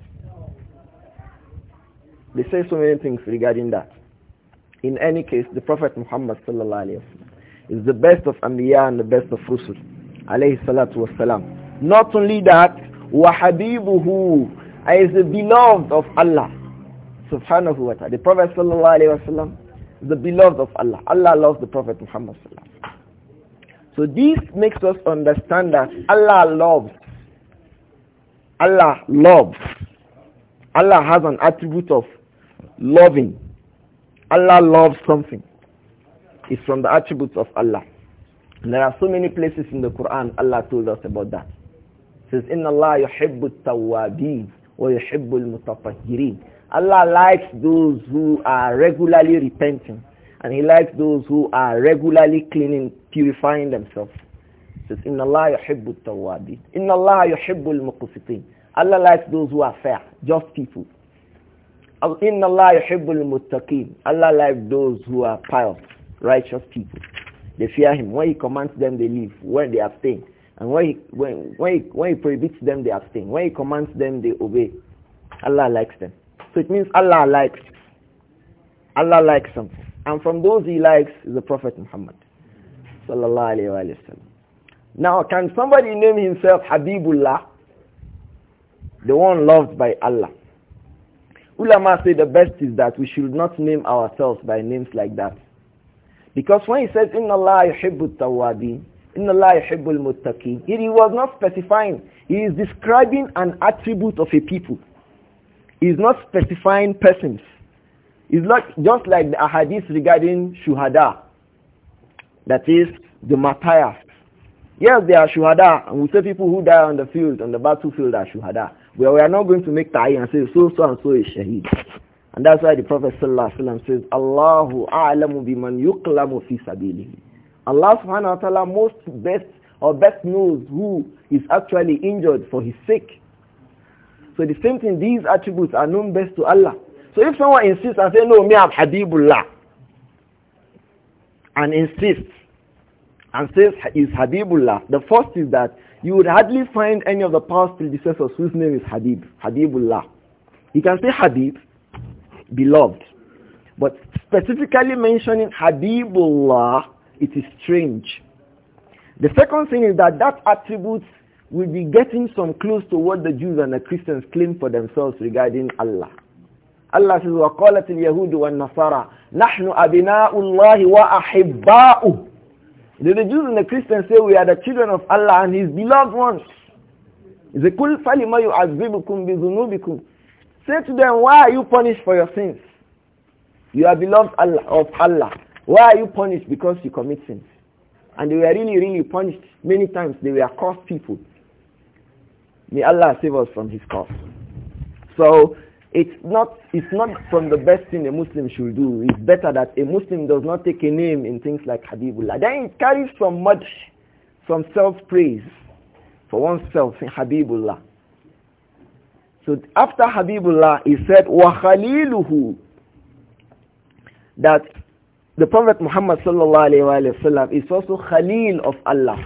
They say so many things regarding that. In any case, the Prophet Muhammad sallallahu is the best of Anbiya and the best of Rusul. Alayhi Not only that, وَحَبِيبُهُ is the beloved of Allah subhanahu wa ta'ala. The Prophet sallallahu alayhi wasallam is the beloved of Allah. Allah loves the Prophet Muhammad sallallahu So this makes us understand that Allah loves. Allah loves. Allah has an attribute of loving. Allah loves something. It's from the attributes of Allah. And there are so many places in the Quran Allah told us about that. It says, Inna Allah yuhibbu tawabin. وَيُحِبُّ الْمُتَطَهِّرِينَ Allah likes those who are regularly repenting and he likes those who are regularly cleaning, purifying themselves. It says, إِنَّ اللَّهَ يُحِبُّ التَّوَّابِينَ إِنَّ اللَّهَ يُحِبُّ الْمُقْسِطِينَ Allah likes those who are fair, just people. إِنَّ اللَّهَ يُحِبُّ الْمُتَّقِينَ Allah likes those who are pious, righteous people. They fear him. When he commands them, they leave. When they abstain, and when he, when, when, he, when he prohibits them, they abstain. When he commands them, they obey. Allah likes them. So it means Allah likes. Allah likes them. And from those he likes is the Prophet Muhammad. Sallallahu alayhi wa Now, can somebody name himself Habibullah? The one loved by Allah. Ulama say the best is that we should not name ourselves by names like that. Because when he says, Inna Allah yuhibbu tawabin, Inna Allah yuhibbul muttaqin. He was not specifying. He is describing an attribute of a people. He is not specifying persons. It's not just like the ahadith regarding shuhada. That is the martyrs. Yes, they are shuhada. And we say people who die on the field, on the battlefield are shuhada. we are not going to make ta'i and say so, so and so is shaheed. And that's why the Prophet ﷺ says, Allahu a'lamu biman yuqlamu fi sabilihi. Allah subhanahu wa ta'ala most best or best knows who is actually injured for his sake. So the same thing, these attributes are known best to Allah. So if someone insists and says, no, me I'm Habibullah, and insists and says is Habibullah, the first is that you would hardly find any of the past predecessors whose name is Habib, Habibullah. You can say Habib, beloved, but specifically mentioning Habibullah it is strange. The second thing is that that attribute will be getting some close to what the Jews and the Christians claim for themselves regarding Allah. Allah says, وَقَالَتِ الْيَهُودُ وَالنَّصَارَى نَحْنُ أَبِنَاءُ اللَّهِ وَأَحِبَّاءُ The Jews and the Christians say we are the children of Allah and His beloved ones. Say to them, why are you punished for your sins? You are beloved of Allah. Why are you punished? Because you commit sins. And they were really, really punished. Many times they were cursed people. May Allah save us from his curse. So it's not, it's not from the best thing a Muslim should do. It's better that a Muslim does not take a name in things like Habibullah. Then it carries from much, from self-praise for oneself in Habibullah. So after Habibullah, he said, وَخَلِيلُهُ That the Prophet Muhammad وسلم, is also Khalil of Allah.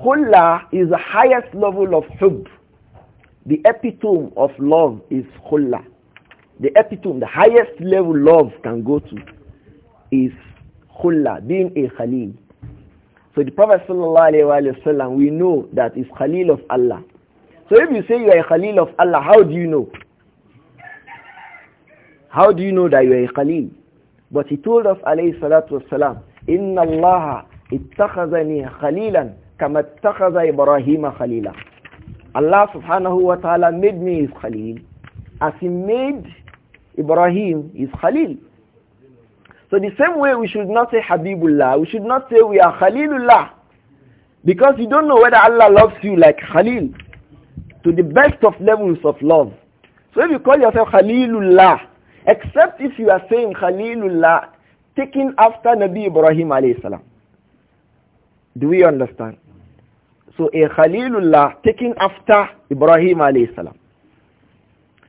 Khulla is the highest level of hub. The epitome of love is khulla. The epitome, the highest level love can go to is khulla, being a Khalil. So the Prophet وسلم, we know that is Khalil of Allah. So if you say you are a Khalil of Allah, how do you know? How do you know that you are a Khalil? But he told us, alayhi salatu wasalam, إِنَّ اللَّهَ اتَّخَذَنِي Khalilan, kama اتَّخَذَ إِبْرَاهِيمَ خَلِيلًا Allah subhanahu wa ta'ala made me his Khalil as he made Ibrahim his Khalil. So the same way we should not say Habibullah, we should not say we are Khalilullah because you don't know whether Allah loves you like Khalil to the best of levels of love. So if you call yourself Khalilullah, Except if you are saying Khalilullah, taken after Nabi Ibrahim alayhi salam. Do we understand? So a Khalilullah taken after Ibrahim alayhi salam.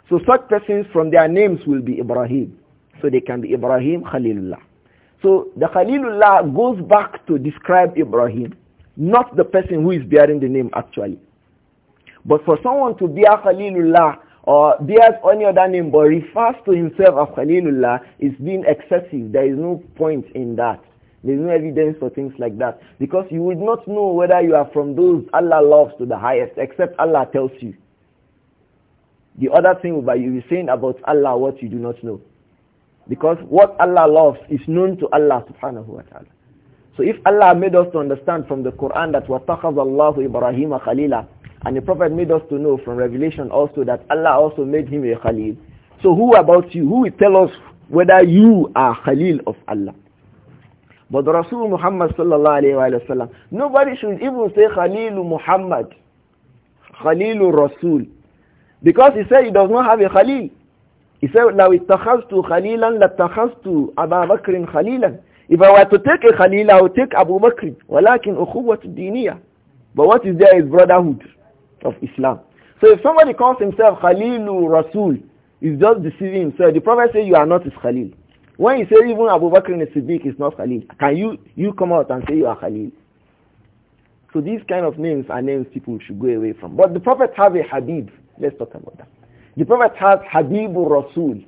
So such persons from their names will be Ibrahim. So they can be Ibrahim Khalilullah. So the Khalilullah goes back to describe Ibrahim, not the person who is bearing the name actually. But for someone to be a Khalilullah or bears any other name but refers to himself as Khalilullah is being excessive. There is no point in that. There is no evidence for things like that. Because you would not know whether you are from those Allah loves to the highest, except Allah tells you. The other thing will you saying about Allah what you do not know. Because what Allah loves is known to Allah subhanahu wa ta'ala. So if Allah made us to understand from the Quran that وَاتَّخَذَ اللَّهُ إِبْرَاهِيمَ خَلِيلًا and the Prophet made us to know from Revelation also that Allah also made him a Khalil. So who about you? Who will tell us whether you are Khalil of Allah? But Rasul Muhammad sallallahu alayhi wa sallam, nobody should even say Khalil Muhammad, Khalil Rasul. Because he said he does not have a Khalil. He said, لَوْ اتَّخَذْتُ خَلِيلًا لَاتَّخَذْتُ أَبَا بَكْرٍ خَلِيلًا If I were to take a Khalil, I would take Abu Bakr. وَلَكِنْ أُخُوَّةُ الدِّينِيَةِ But what is there is brotherhood of Islam. So if somebody calls himself Khalilu Rasul, he's just deceiving himself. The Prophet says you are not his Khalil. When he says even Abu Bakr and Siddiq is not Khalil, can you, you come out and say you are Khalil? So these kind of names are names people should go away from. But the Prophet has a Habib. Let's talk about that. The Prophet has Habibu Rasul.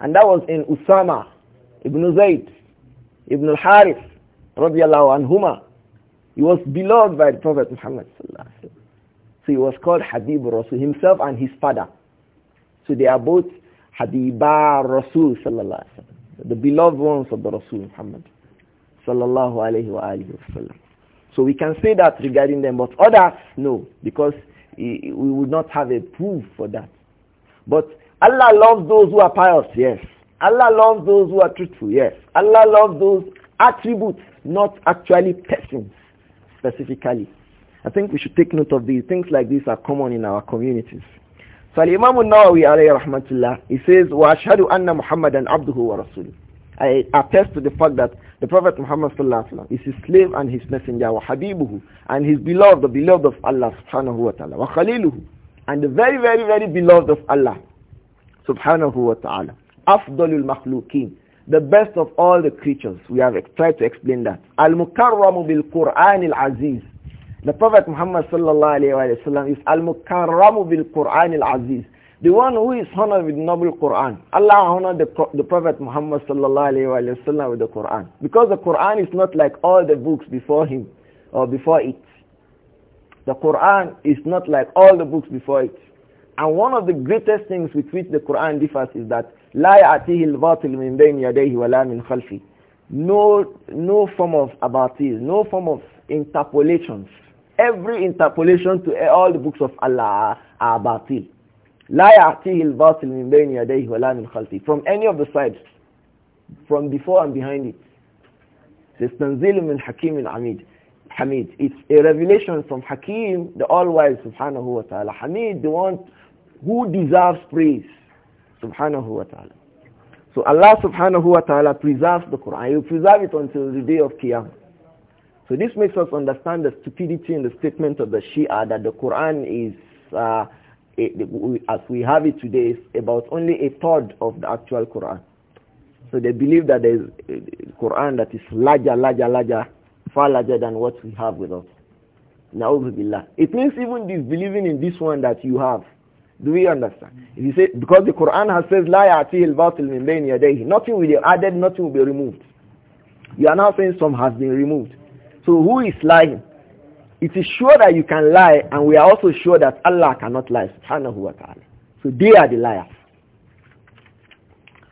And that was in Usama, Ibn Zayd, Ibn al-Harith, radiallahu Huma. He was beloved by the Prophet Muhammad sallallahu alaihi wasallam. So he was called Habib Rasul, himself and his father. So they are both Habiba Rasul sallallahu alaihi wasallam, the beloved ones of the Rasul Muhammad sallallahu alaihi wasallam. So we can say that regarding them, but others no, because we would not have a proof for that. But Allah loves those who are pious, yes. Allah loves those who are truthful, yes. Allah loves those attributes, not actually persons specifically. I think we should take note of these. Things like these are common in our communities. So Imam al-Nawawi alayhi rahmatullah, he says, وَأَشْهَدُ أَنَّ مُحَمَّدًا عَبْدُهُ وَرَسُولُهُ I attest to the fact that the Prophet Muhammad sallallahu alaihi wasallam is his slave and his messenger, وَحَبِيبُهُ And his beloved, the beloved of Allah subhanahu wa ta'ala, وَخَلِيلُهُ And the very, very, very beloved of Allah subhanahu wa ta'ala. أَفْضَلُ الْمَخْلُوقِينَ The best of all the creatures. We have tried to explain that. al bil Qur'an al-Aziz the Prophet Muhammad sallallahu alayhi wa sallam is al-mukarramu bil-Qur'an al-aziz. The one who is honored with noble Qur'an. Allah honored the, the Prophet Muhammad sallallahu alayhi wa sallam with the Qur'an. Because the Qur'an is not like all the books before him or before it. The Qur'an is not like all the books before it. And one of the greatest things with which the Qur'an differs is that لا يأتيه الباطل من بين يديه ولا من خلفي No, no form of abatis, no form of interpolations Every interpolation to all the books of Allah are batil. لا يعطيه الباطل من بين يديه ولا من خلفه from any of the sides from before and behind it says تنزيل من حكيم عميد Hamid it's a revelation from Hakim the all-wise subhanahu wa ta'ala Hamid the one who deserves praise subhanahu wa ta'ala so Allah subhanahu wa ta'ala preserves the Quran he will preserve it until the day of Qiyamah so this makes us understand the stupidity in the statement of the Shia that the Quran is, uh, as we have it today, is about only a third of the actual Quran. So they believe that there is a Quran that is larger, larger, larger, far larger than what we have with us. Na'udhu It means even disbelieving in this one that you have. Do we understand? If you say, because the Quran has says, La ya'tihil batil min bayni Nothing will be added, nothing will be removed. You are now saying some has been removed. So who is lying? It is sure that you can lie and we are also sure that Allah cannot lie. Subhanahu wa ta'ala. So they are the liars.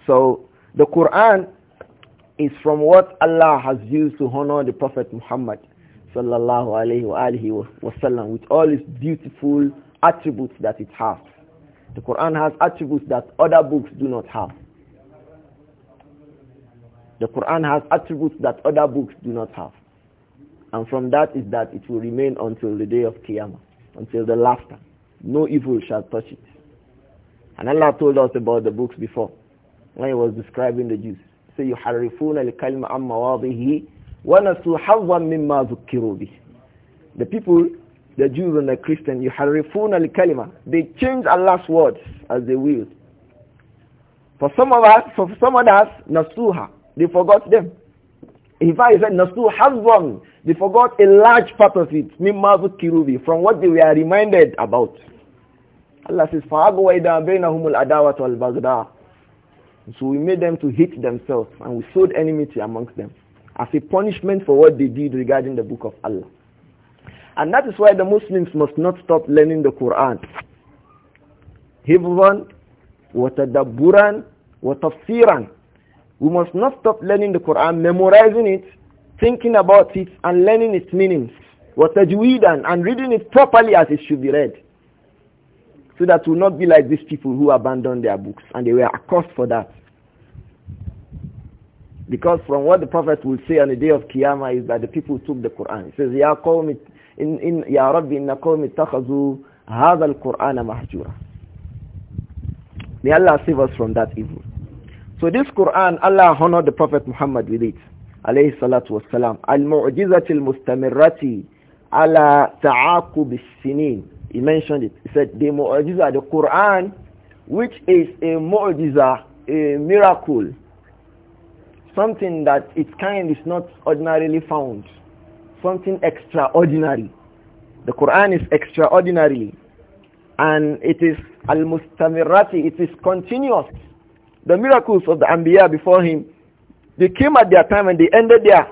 So the Quran is from what Allah has used to honor the Prophet Muhammad sallallahu alayhi wa alihi wasallam with all its beautiful attributes that it has. The Quran has attributes that other books do not have. The Quran has attributes that other books do not have. And from that is that it will remain until the day of Qiyamah, until the last time. No evil shall touch it. And Allah told us about the books before, when He was describing the Jews. So amma wadihi. One مواضعه ونسوا حظا مما ذكروا به. The people, the Jews and the Christians, يحرفون الكلمة. They change Allah's words as they will. For some of us, for some others, nasuha. They forgot them. In fact, he said, Nasu Hazbon. They forgot a large part of it, Mimmazu Kirubi, from what they were reminded about. Allah says, فَأَغْوَيْدَا adawat al وَالْبَغْدَاءُ So we made them to hate themselves and we sowed enmity amongst them as a punishment for what they did regarding the book of Allah. And that is why the Muslims must not stop learning the Quran. Hifzan, watadabburan, watafsiran. We must not stop learning the Quran, memorizing it, thinking about it, and learning its meanings. What وَتَجْوِيدًا and reading it properly as it should be read. So that will not be like these people who abandoned their books and they were accursed for that. Because from what the Prophet will say on the day of Qiyamah is that the people took the Quran. He says, Ya in, Ya Rabbi, inna qawmi takhazu hadha al quran mahjura. May Allah save us from that evil. So this Quran, Allah honored the Prophet Muhammad with it. Alayhi salatu wasalam. Al-mu'jizatil mustamirrati ala ta'aqub sinin He mentioned it. He said, the mu'jiza, the Quran, which is a mu'jiza, a miracle, something that its kind is not ordinarily found, something extraordinary. The Quran is extraordinary and it is Mustamirati. it is continuous. The miracles of the Anbiya before him, they came at their time and they ended there.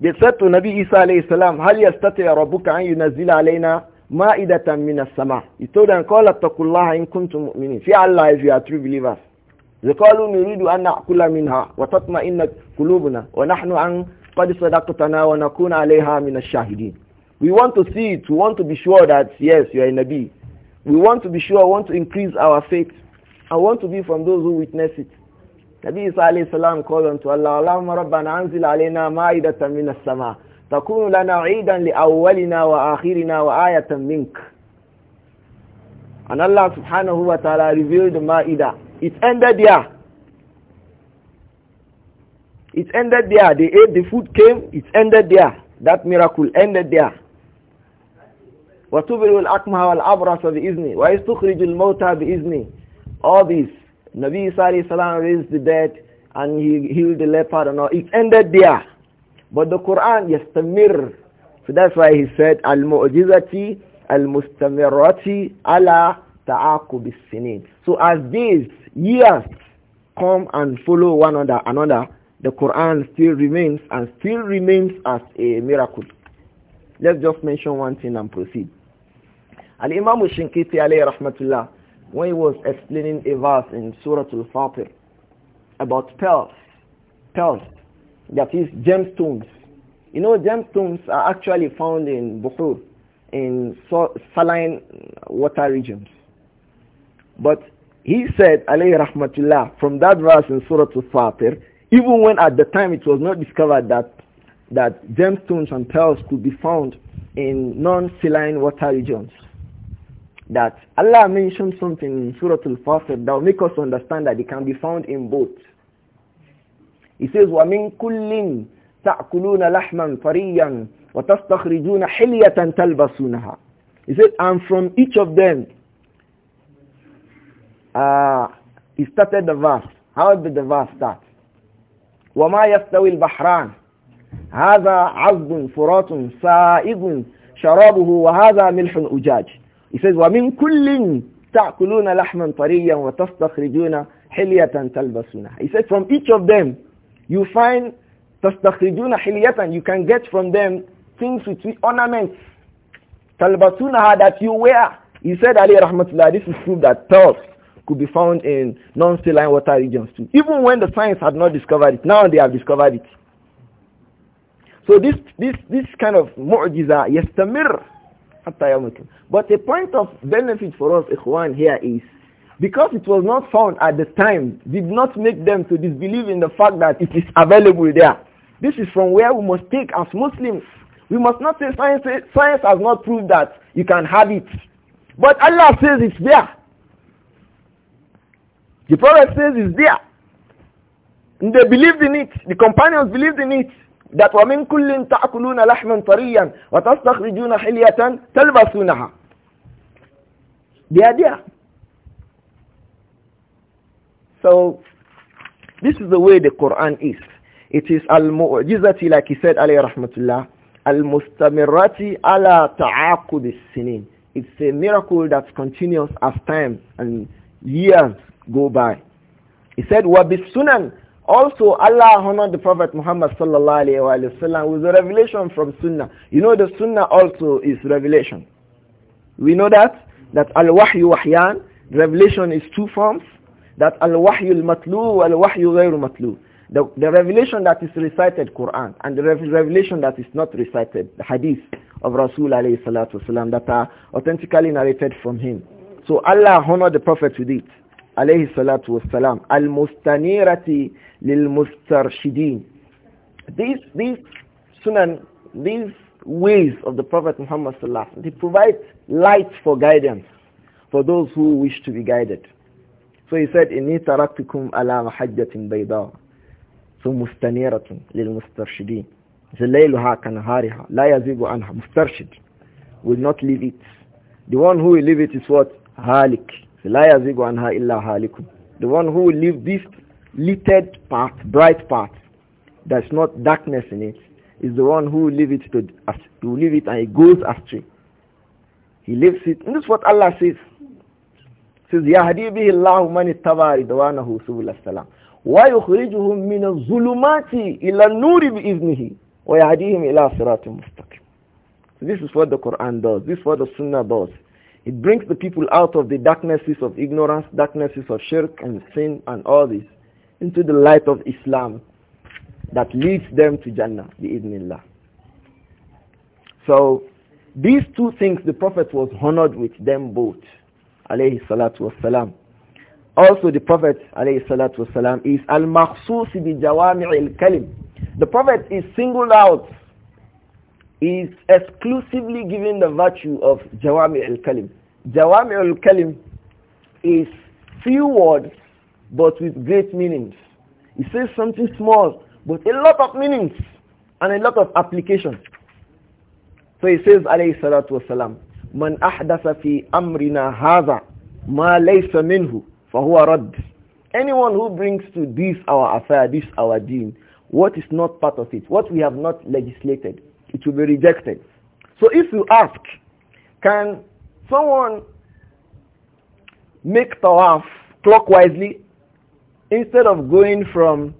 They said to Nabi Isa alayhi salam, هَلْ يَسْتَطِعَ رَبُّكَ أَنْ يُنَزِّلَ عَلَيْنَا مَائِدَةً مِنَ السَّمَاءِ He told them, قَالَ اتَّقُوا اللَّهَ إِن كُنْتُم مُؤْمِنِينَ Fear Allah if you are true believers. They قالوا نريد أن نأكل منها وتطمئن قلوبنا ونحن عن قد صدقتنا ونكون عليها من الشاهدين. We want to see it. We want to be sure that, yes, you are a Nabi. We want to be sure, we want to increase our faith. I want to be from those who witness it. Nabi Isa alayhi salam called unto Allah, Allahumma rabbana anzil alayna ma'idatan min as-sama' takunu lana 'idan li awwalina wa akhirina wa ayatan mink. And Allah subhanahu wa ta'ala revealed the Ma'idah. It ended there. It ended there. They ate, the food came, it ended there. That miracle ended there. وتبرئ الأكمه والأبرص بإذني وإذ تخرج الموتى بإذني all this. Nabi Salam raised the dead and he healed the leper and all. It ended there. But the Quran, yastamir. So that's why he said, al-mu'jizati al-mustamirati ala ta'aqub sinin So as these years come and follow one another, another, the Quran still remains and still remains as a miracle. Let's just mention one thing and proceed. Al-Imam Shinkiti alayhi rahmatullah when he was explaining a verse in Surah Al-Fatir about pearls, pearls, that is gemstones. You know, gemstones are actually found in Bukhur, in saline water regions. But he said, alayhi rahmatullah, from that verse in Surah Al-Fatir, even when at the time it was not discovered that, that gemstones and pearls could be found in non-saline water regions that Allah mentioned something in Surah Al-Fasir that will make us understand that it can be found in both. He says, وَمِن كُلٍّ تَأْكُلُونَ لَحْمًا طَرِيًّا وَتَسْتَخْرِجُونَ حِلْيَةً تَلْبَسُونَهَا He said, and from each of them, uh, he started the verse. How did the verse start? وَمَا يَسْتَوِي الْبَحْرَانِ هَذَا furatun فُرَاتٌ سَائِغٌ شَرَابُهُ وَهَذَا مِلْحٌ أُجَاجٌ he says, وَمِن كُلٍّ تَأْكُلُونَ لَحْمًا wa وَتَسْتَخْرِجُونَ حِلْيَةً talbasuna." He said, from each of them, you find تَسْتَخْرِجُونَ حِلْيَةً You can get from them things which we ornaments. talbasuna, that you wear. He said, Ali Rahmatullah, this is proof that thoughts could be found in non-saline water regions too. Even when the science had not discovered it, now they have discovered it. So this, this, this kind of mu'jiza, yastamir, but the point of benefit for us, Ikhwan, here is because it was not found at the time, did not make them to disbelieve in the fact that it is available there. This is from where we must take as Muslims. We must not say science, science has not proved that you can have it. But Allah says it's there. The Prophet says it's there. And they believed in it. The companions believed in it. that وَمِن كُلٍّ تَأْكُلُونَ لَحْمًا طَرِيًّا وَتَسْتَخْرِجُونَ حِلْيَةً تَلْبَسُونَهَا the idea So, this is the way the Quran is. It is al-mu'jizati, like he said, alayhi rahmatullah, al-mustamirati ala ta'aqub sinin It's a miracle that continues as time and years go by. He said, وَبِالسُّنَنِ Also, Allah honored the Prophet Muhammad sallallahu with a revelation from Sunnah. You know the Sunnah also is revelation. We know that, that al-wahyu wahyan, revelation is two forms, that al-wahyu al-matlu, al-wahyu ghayru matlu. The, the revelation that is recited, Quran, and the revelation that is not recited, the hadith of Rasul alayhi salatu wasalam, that are authentically narrated from him. So Allah honored the Prophet with it, عليه salatu Al-mustanirati لِلْمُسْتَرْشِدِينَ These, these sunan, these ways of the Prophet Muhammad sallallahu they provide light for guidance for those who wish to be guided. So he said, إِنِّي تَرَكْتُكُمْ عَلَى مَحَجَّةٍ بَيْضَاءٍ مستنيرة للمسترشدين the layluha kanahariha la yazigu anha mustarshid will not leave it the one who will leave it is what halik la yazigu anha illa halikun the one who will leave this littered path, bright path, that's not darkness in it, is the one who leave it to, to leave it and it goes astray. He leaves it. And this is what Allah says. says, يَهْدِي بِهِ اللَّهُ مَنِ اتَّبَعَ رِضْوَانَهُ سُبُلَ السَّلَامِ وَيُخْرِجُهُمْ مِنَ الظُّلُمَاتِ إِلَى النُّورِ بِإِذْنِهِ وَيَهْدِيهِمْ إِلَى صِرَاطٍ مُسْتَقِيمٍ so This is what the Quran does. This is what the Sunnah does. It brings the people out of the darknesses of ignorance, darknesses of shirk and sin and all this into the light of Islam that leads them to Jannah, bi'idhnillah. So these two things the Prophet was honored with them both, alayhi salatu wasalam. Also the Prophet, alayhi salatu wasalam, is al-makhsus bi jawami' al-kalim. The Prophet is singled out, is exclusively given the virtue of jawami' al-kalim. Jawami' al-kalim is few words but with great meanings. He says something small, but a lot of meanings and a lot of application. So he says, alayhi salatu wasalam, man ahdasa fi amrina hadha ma laysa minhu fahuwa Anyone who brings to this our affair, this our deen, what is not part of it, what we have not legislated, it will be rejected. So if you ask, can someone make tawaf clockwise instead of going from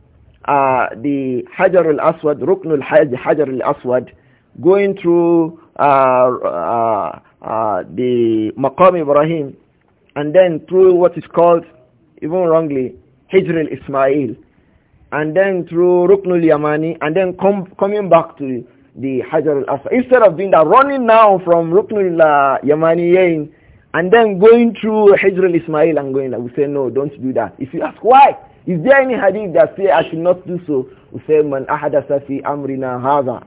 uh, the Hajar al-Aswad, Rukn al-Hajj, Hajar al-Aswad, going through uh, uh, uh, the Maqam Ibrahim, and then through what is called, even wrongly, Hijr al-Ismail, and then through Rukn al-Yamani, and then com coming back to the Hajar al-Aswad. Instead of being that, running now from Rukn al-Yamaniyin and then going through Hijr al-Ismail and going, we say, no, don't do that. If you ask why, is there any hadith that say I should not do so? We say, man ahadasa fi amrina hadha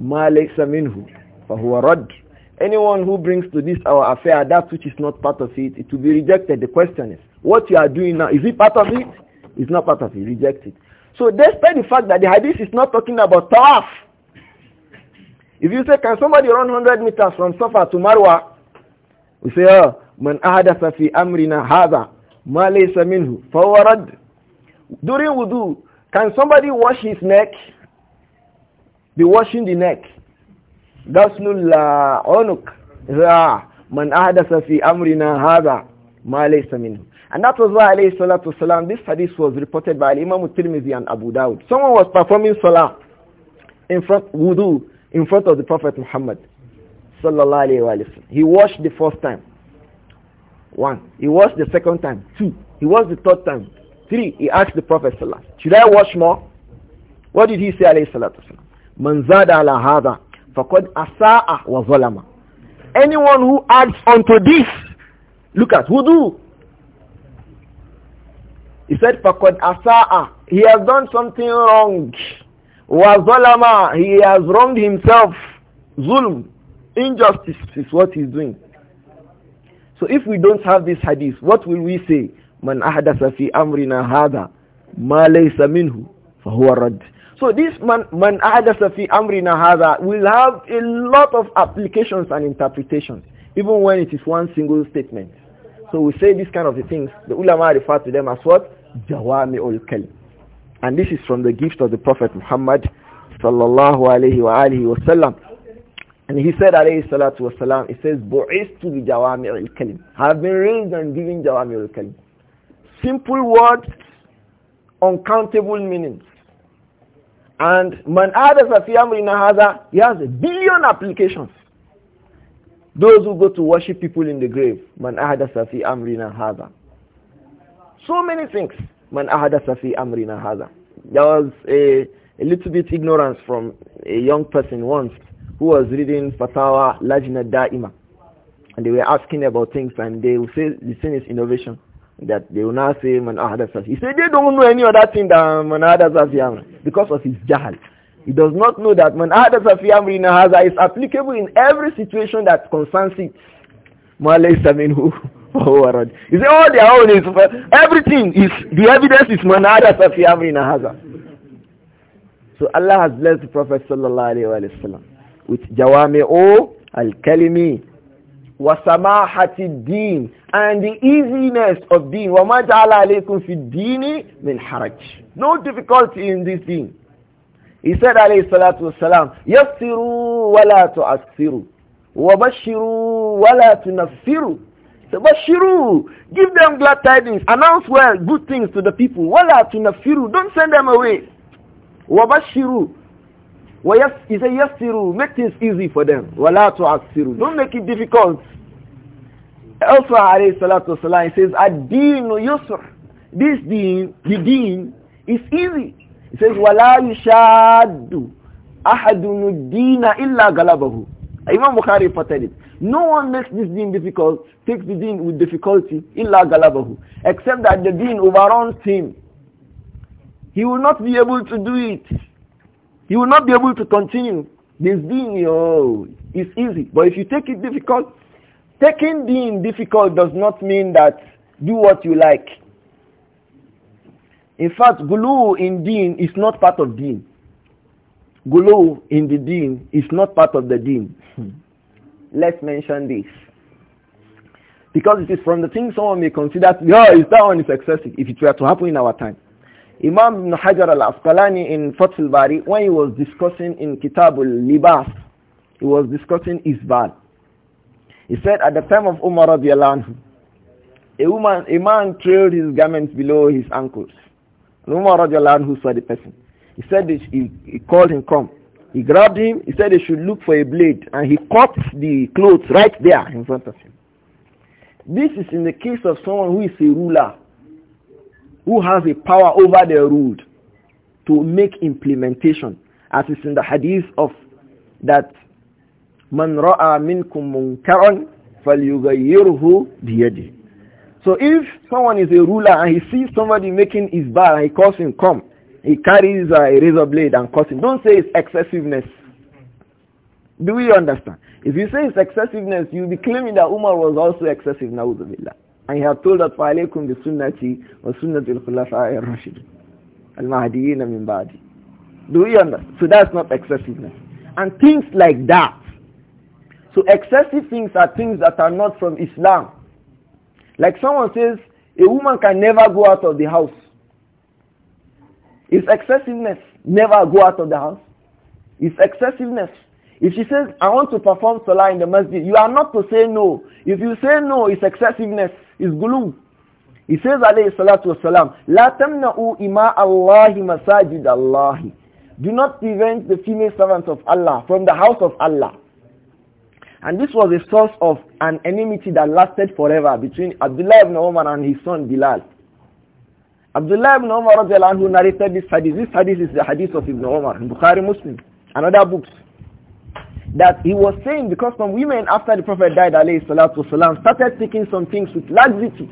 ma laysa minhu fahuwa rad. Anyone who brings to this our affair that which is not part of it, it will be rejected. The question is, what you are doing now, is it part of it? It's not part of it. Reject it. So despite the fact that the hadith is not talking about tawaf, if you say, can somebody run 100 meters from Safa to Marwa, we say, oh, man ahadatha fi amrina hadha ma laysa minhu During wudu, can somebody wash his neck? Be washing the neck. That's no la unuk. Ah, man ahadatha fi amrina hadha ma laysa minhu. And that was why alayhi salatu wasalam, this hadith was reported by Imam Tirmidhi and Abu Dawud. Someone was performing salah in front, wudu, in front of the Prophet Muhammad sallallahu alayhi wa sallam. He washed the first time. One. He washed the second time. Two. He washed the third time. Three. He asked the Prophet sallallahu alayhi wa Should I wash more? What did he say alayhi salatu wasallam? Man zada ala hadha faqad asa'a wa zalama. Anyone who adds onto this, look at who do. He said faqad asa'a. He has done something wrong. Wa zalama. He has wronged himself. Zulm. Injustice is what he's doing. So if we don't have this hadith, what will we say? Man ahdasa fi amrina hada ma laysa minhu fahuwa rad. So this man, man ahdasa fi amrina will have a lot of applications and interpretations, even when it is one single statement. So we say this kind of things, the ulama refer to them as what? kalim. And this is from the gift of the Prophet Muhammad sallallahu alayhi wa alihi wa sallam. And he said, alayhi salatu wasalam, he says, Bu'istu bi jawami al-kalim. I have been raised on giving jawami al-kalim. Simple words, uncountable meanings. And man adasa fi amrina hadha, he has a billion applications. Those who go to worship people in the grave, man adasa fi amrina hadha. So many things, man adasa fi amrina hadha. There was a, a little bit ignorance from a young person once who was reading Fatawa Lajna Da'ima. And they were asking about things and they would say the same is innovation. That they will now say Man Ahadasaf. He said they don't know any other thing than Man Ahadasaf because of his jahal. He does not know that Man Ahadasaf Yamrina is applicable in every situation that concerns it. Malaysa minhu (laughs) forward. He said, all their own is, everything is, the evidence is manada safi amri nahaza. So Allah has blessed the Prophet sallallahu alayhi wa sallam with jawami'u al-kalimi wa samahati din and the easiness of din wa ma ja'ala alaykum fi dini min haraj no difficulty in this thing he said alayhi salatu salam yassiru wa la tu'assiru wa bashiru wa la tunaffiru bashiru give them glad tidings announce well good things to the people wa la don't send them away wa bashiru he said, yes, siru, make things easy for them. Wala tu'assiru. Don't make it difficult. Also, alayhi salatu wasalam, he says, ad-deenu yusr. This deen, the deen, is easy. He says, wala yushaddu ahadun ad-deena illa galabahu. Imam Bukhari reported it. No one makes this deen difficult, takes the deen with difficulty, illa galabahu. Except that the deen overruns him. He will not be able to do it. You will not be able to continue. This Being oh, is easy. But if you take it difficult, taking being difficult does not mean that do what you like. In fact, gulu in deen is not part of deen. Gulu in the deen is not part of the deen. Hmm. Let's mention this. Because it is from the things someone may consider, oh, is that one is excessive if it were to happen in our time. Imam Ibn Hajar al-Asqalani in Fath al-Bari, when he was discussing in Kitab al-Libas, he was discussing Isbal. He said at the time of Umar radiallahu a woman, a man trailed his garments below his ankles. And Umar radiallahu saw the person. He said he, he called him, come. He grabbed him. He said they should look for a blade. And he cut the clothes right there in front of him. This is in the case of someone who is a ruler who has a power over the ruled to make implementation as is in the hadith of that man ra'a minkum munkaran falyughayyirhu biyadihi so if someone is a ruler and he sees somebody making his bar and he calls him come he carries uh, a razor blade and cuts him don't say it's excessiveness do we understand if you say it's excessiveness you'll be claiming that Umar was also excessive na'udhu billah and he had told us, فَعَلَيْكُمْ بِسُنَّتِي وَسُنَّةِ الْخُلَفَاءِ الرَّشِدِ الْمَهْدِيِّينَ مِنْ بَعْدِ Do we understand? So that's not excessiveness. And things like that. So excessive things are things that are not from Islam. Like someone says, a woman can never go out of the house. Is excessiveness never go out of the house? Is excessiveness. If she says, I want to perform salah in the masjid, you are not to say no. If you say no, it's excessiveness, it's gulu. He says, alayhi salatu wasalam, La tamna'u ima Allahi masajid Allahi. Do not prevent the female servants of Allah from the house of Allah. And this was a source of an enmity that lasted forever between Abdullah ibn Umar and his son Bilal. Abdullah ibn Umar who narrated this hadith. This hadith is the hadith of Ibn Umar in Bukhari Muslim and other books that he was saying because some women after the Prophet died Alayhi Salatu Salam, started taking some things with laxity.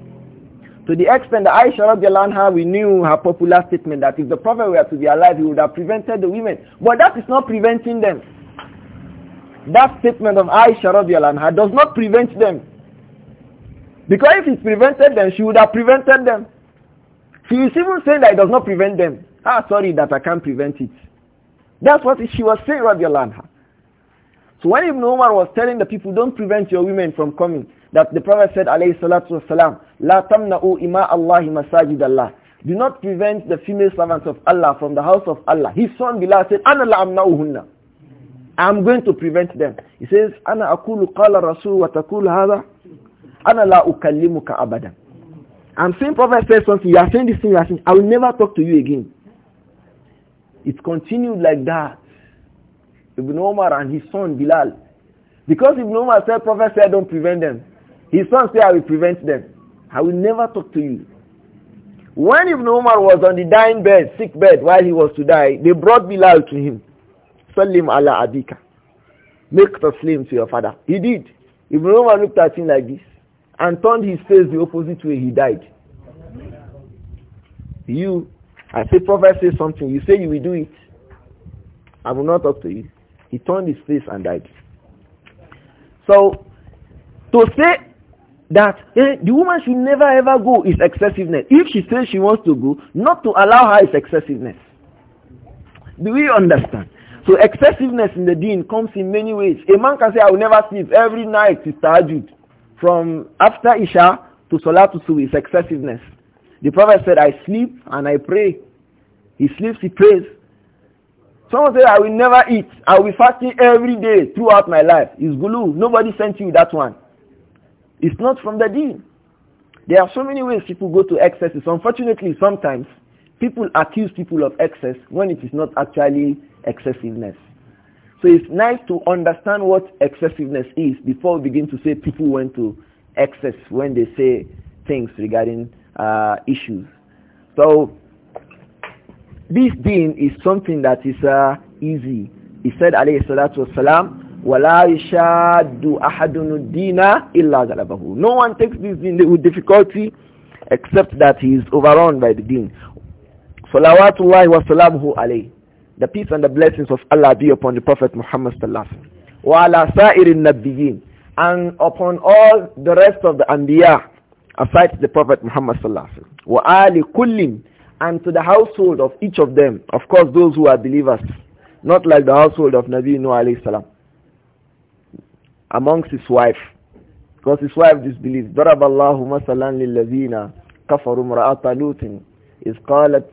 To the extent that Aisha radiallahu anha, we knew her popular statement that if the Prophet were to be alive, he would have prevented the women. But that is not preventing them. That statement of Aisha radiallahu anha does not prevent them. Because if it prevented them, she would have prevented them. She is even saying that it does not prevent them. Ah, sorry that I can't prevent it. That's what she was saying, radiallahu anha. So when Ibn Umar was telling the people, don't prevent your women from coming, that the Prophet said, alayhi salatu wasalam, la tamna'u ima Allahi masajid Allah. Do not prevent the female servants of Allah from the house of Allah. His son Bilal said, ana la amna'uhunna. I'm going to prevent them. He says, ana akulu qala rasul wa takulu hadha. Ana la ukallimuka abadan. I'm saying Prophet says something, you are saying this thing, you are saying, I will never talk to you again. It continued like that. Ibn Omar and his son Bilal. Because Ibn Omar said, Prophet said, don't prevent them. His son said, I will prevent them. I will never talk to you. When Ibn Omar was on the dying bed, sick bed, while he was to die, they brought Bilal to him. Salim ala adika, Make the slave to your father. He did. Ibn Omar looked at him like this and turned his face the opposite way he died. You, I say prophet says something, you say you will do it. I will not talk to you. He turned his face and died. So, to say that eh, the woman should never ever go is excessiveness. If she says she wants to go, not to allow her is excessiveness. Do we understand? So excessiveness in the deen comes in many ways. A man can say, I will never sleep. Every night is tahajjud. From after Isha to Salatul Suwi is excessiveness. The Prophet said, I sleep and I pray. He sleeps, he prays. Someone said, I will never eat. I will be fasting every day throughout my life. It's gulu. Nobody sent you that one. It's not from the deen. There are so many ways people go to excesses. Unfortunately, sometimes people accuse people of excess when it is not actually excessiveness. So it's nice to understand what excessiveness is before we begin to say people went to excess when they say things regarding uh, issues. So this deen is something that is uh, easy. He said, alayhi salatu wasalam, وَلَا يَشَادُّ أَحَدٌ الدِّينَ إِلَّا غَلَبَهُ No one takes this deen with difficulty except that he is overrun by the deen. Salawatullahi wa salamuhu alayhi. The peace and the blessings of Allah be upon the Prophet Muhammad sallallahu wa ala sa'irin nabiyyin and upon all the rest of the anbiya aside the prophet muhammad sallallahu alaihi wa ali kullin and to the household of each of them. Of course, those who are believers, not like the household of Nabi Nuh alayhi salam, amongst his wife, because his wife disbelieved. ضرب الله مثلا للذين كفروا امرأة لوط إذ قالت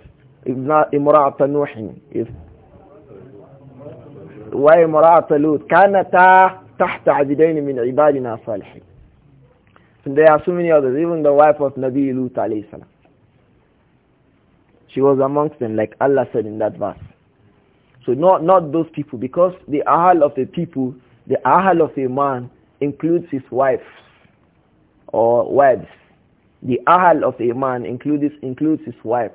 امرأة نوح إذ وامرأة لوط كانتا تحت عبدين من عبادنا صالحين. And there are so many others, even the wife of Nabi Lut alayhi salam. She was amongst them, like Allah said in that verse. So not, not those people, because the ahal of the people, the ahal of a man includes his wives or wives. The ahal of a man includes, includes his wives.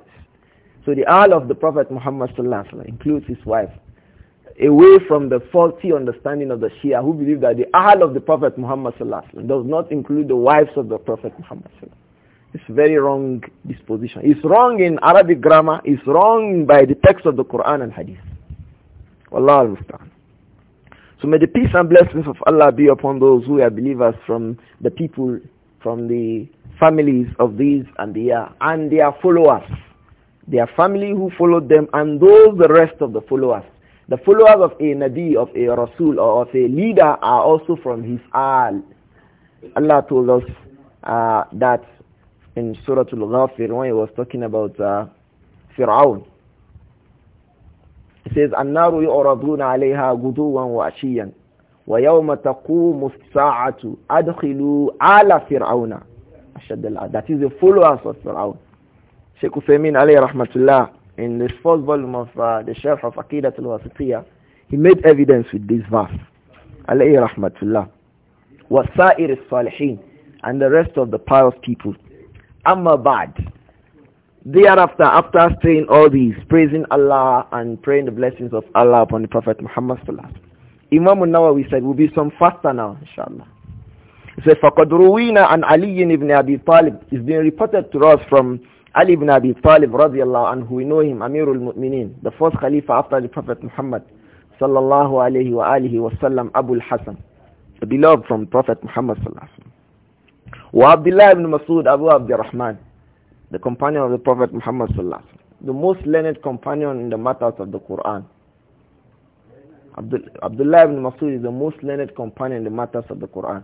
So the ahal of the Prophet Muhammad includes his wife. Away from the faulty understanding of the Shia who believe that the ahal of the Prophet Muhammad does not include the wives of the Prophet Muhammad it's very wrong disposition. It's wrong in Arabic grammar. It's wrong by the text of the Quran and Hadith. Allah understand. So may the peace and blessings of Allah be upon those who are believers from the people, from the families of these and their, and their followers. Their family who followed them and those the rest of the followers. The followers of a Nabi, of a Rasul or of a leader are also from his Al. Allah told us uh, that in Surah Al-Ghafir when he was talking about uh, Fir'aun. It says, النار يعرضون عليها غدوا وعشيا ويوم تقوم الساعة أدخلوا على فرعون أشد العذاب. That is the followers of Fir'aun. Sheikh Uthaymeen alayhi rahmatullah in this first volume of uh, the Sharh of Aqidat al-Wasitiyah, he made evidence with this verse. Alayhi rahmatullah. وَسَائِرِ الصَّالِحِينَ And the rest of the pious people. Amma bad. Thereafter, after saying all these, praising Allah and praying the blessings of Allah upon the Prophet Muhammad sallallahu alaihi Imam al-Nawawi said, will be some faster now, inshallah. He said, فَقَدْ رُوِينَ عَنْ عَلِيٍّ ibn Abi Talib It's been reported to us from Ali ibn Abi Talib radiallahu anhu. We know him, Amirul Mu'mineen, the first Khalifa after the Prophet Muhammad sallallahu alayhi wa alihi wa sallam, Abu al-Hasan, the beloved from Prophet Muhammad sallallahu alayhi wa sallam. Wa Abdullah ibn Masud Abu Abdurrahman, the companion of the Prophet Muhammad sallallahu the most learned companion in the matters of the Quran. Abdul, Abdullah ibn Masud is the most learned companion in the matters of the Quran.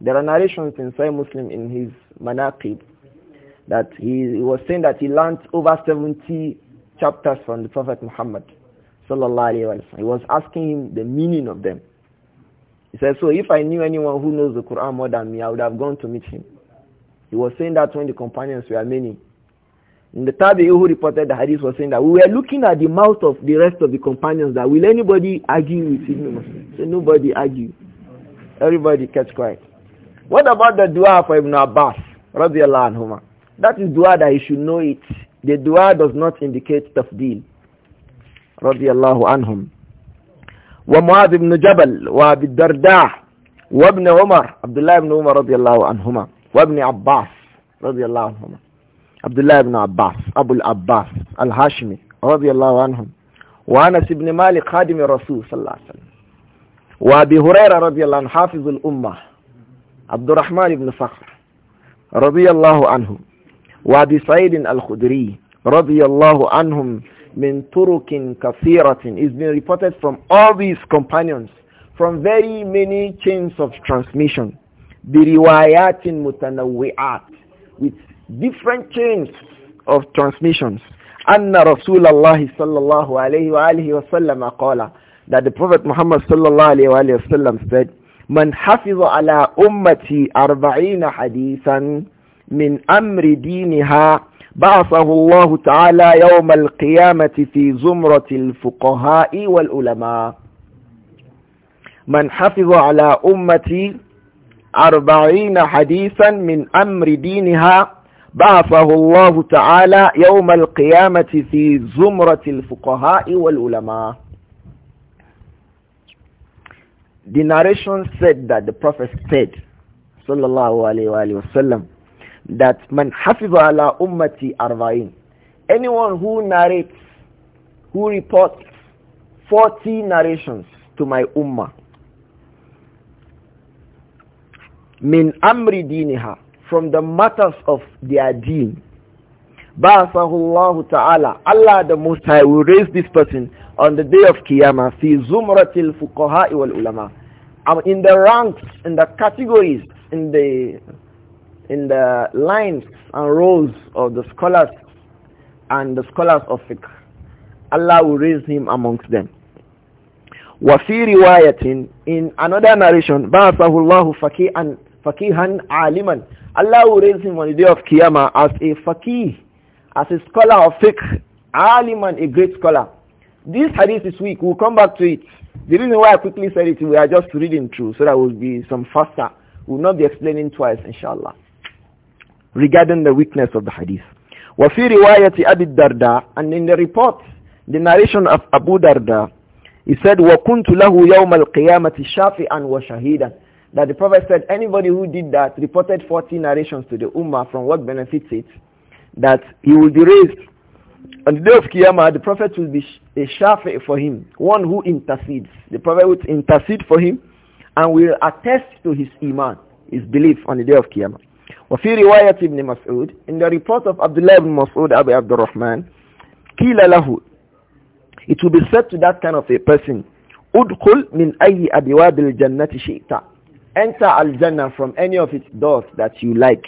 There are narrations in Sahih Muslim in his Manaqib that he, he was saying that he learnt over 70 chapters from the Prophet Muhammad sallallahu alaihi wasallam. He was asking him the meaning of them. He said, so if I knew anyone who knows the Quran more than me, I would have gone to meet him. He was saying that when the companions were many. And the Tabi'i who reported the hadith was saying that we were looking at the mouth of the rest of the companions that will anybody argue with him? So nobody argue. Everybody catch quiet. What about the dua for Ibn Abbas? Anhuma? That is dua that you should know it. The dua does not indicate tafdeel. Radiallahu anhum. ومعاذ بن جبل وابي الدرداع وابن عمر عبد الله بن عمر رضي الله عنهما وابن عباس رضي الله عنهما عبد الله بن عباس أبو العباس الهاشمي رضي الله عنهم وأنس بن مالك خادم الرسول صلى الله عليه وسلم وأبي هريرة رضي الله عنه حافظ الأمة عبد الرحمن بن صخر رضي الله عنه وأبي سعيد الخدري رضي الله عنهم min turukin kathiratin. It's reported from all these companions, from very many chains of transmission. Biriwayatin mutanawi'at. With different chains of transmissions. Anna Rasulullah sallallahu alayhi wa alihi wa sallam qala. That the Prophet Muhammad sallallahu alayhi wa sallam said, "Man حفظ ala ummati أربعين hadithan min amri دينها بعثه الله تعالى يوم القيامة في زمرة الفقهاء والعلماء من حفظ على أمتي أربعين حديثا من أمر دينها بعثه الله تعالى يوم القيامة في زمرة الفقهاء والعلماء The narration said that the Prophet said, صلى الله عليه وسلم that man hafiza ala ummati arba'in anyone who narrates who reports 40 narrations to my ummah min amri diniha from the matters of their deen ba'athahu ta'ala Allah the Most High will raise this person on the day of Qiyamah fi zumratil fuqaha wal ulama um, in the ranks in the categories in the in the lines and rows of the scholars and the scholars of fiqh. Allah will raise him amongst them. وفي رواية in another narration بعثه الله فقيها فقيها عالما Allah will raise him on the day of Qiyamah as a faqih as a scholar of fiqh alimun, a great scholar this hadith is weak we'll come back to it the reason why I quickly said it we are just reading through so that we'll be some faster we'll not be explaining twice inshallah regarding the weakness of the hadith. fi رواية Abi Darda, and in the report, the narration of Abu Darda, he said al له shafi القيامة wa shahidan that the Prophet said anybody who did that reported 40 narrations to the Ummah from what benefits it that he will be raised on the day of Qiyamah the Prophet will be a shafi for him one who intercedes the Prophet will intercede for him and will attest to his iman his belief on the day of Qiyamah وفي رواية ابن مسعود in the report of Abdullah ibn Mas'ud Abu Abdurrahman قيل له it will be said to that kind of a person udkhul min ayyi abwab al-jannati shi'ta enter al-jannah from any of its doors that you like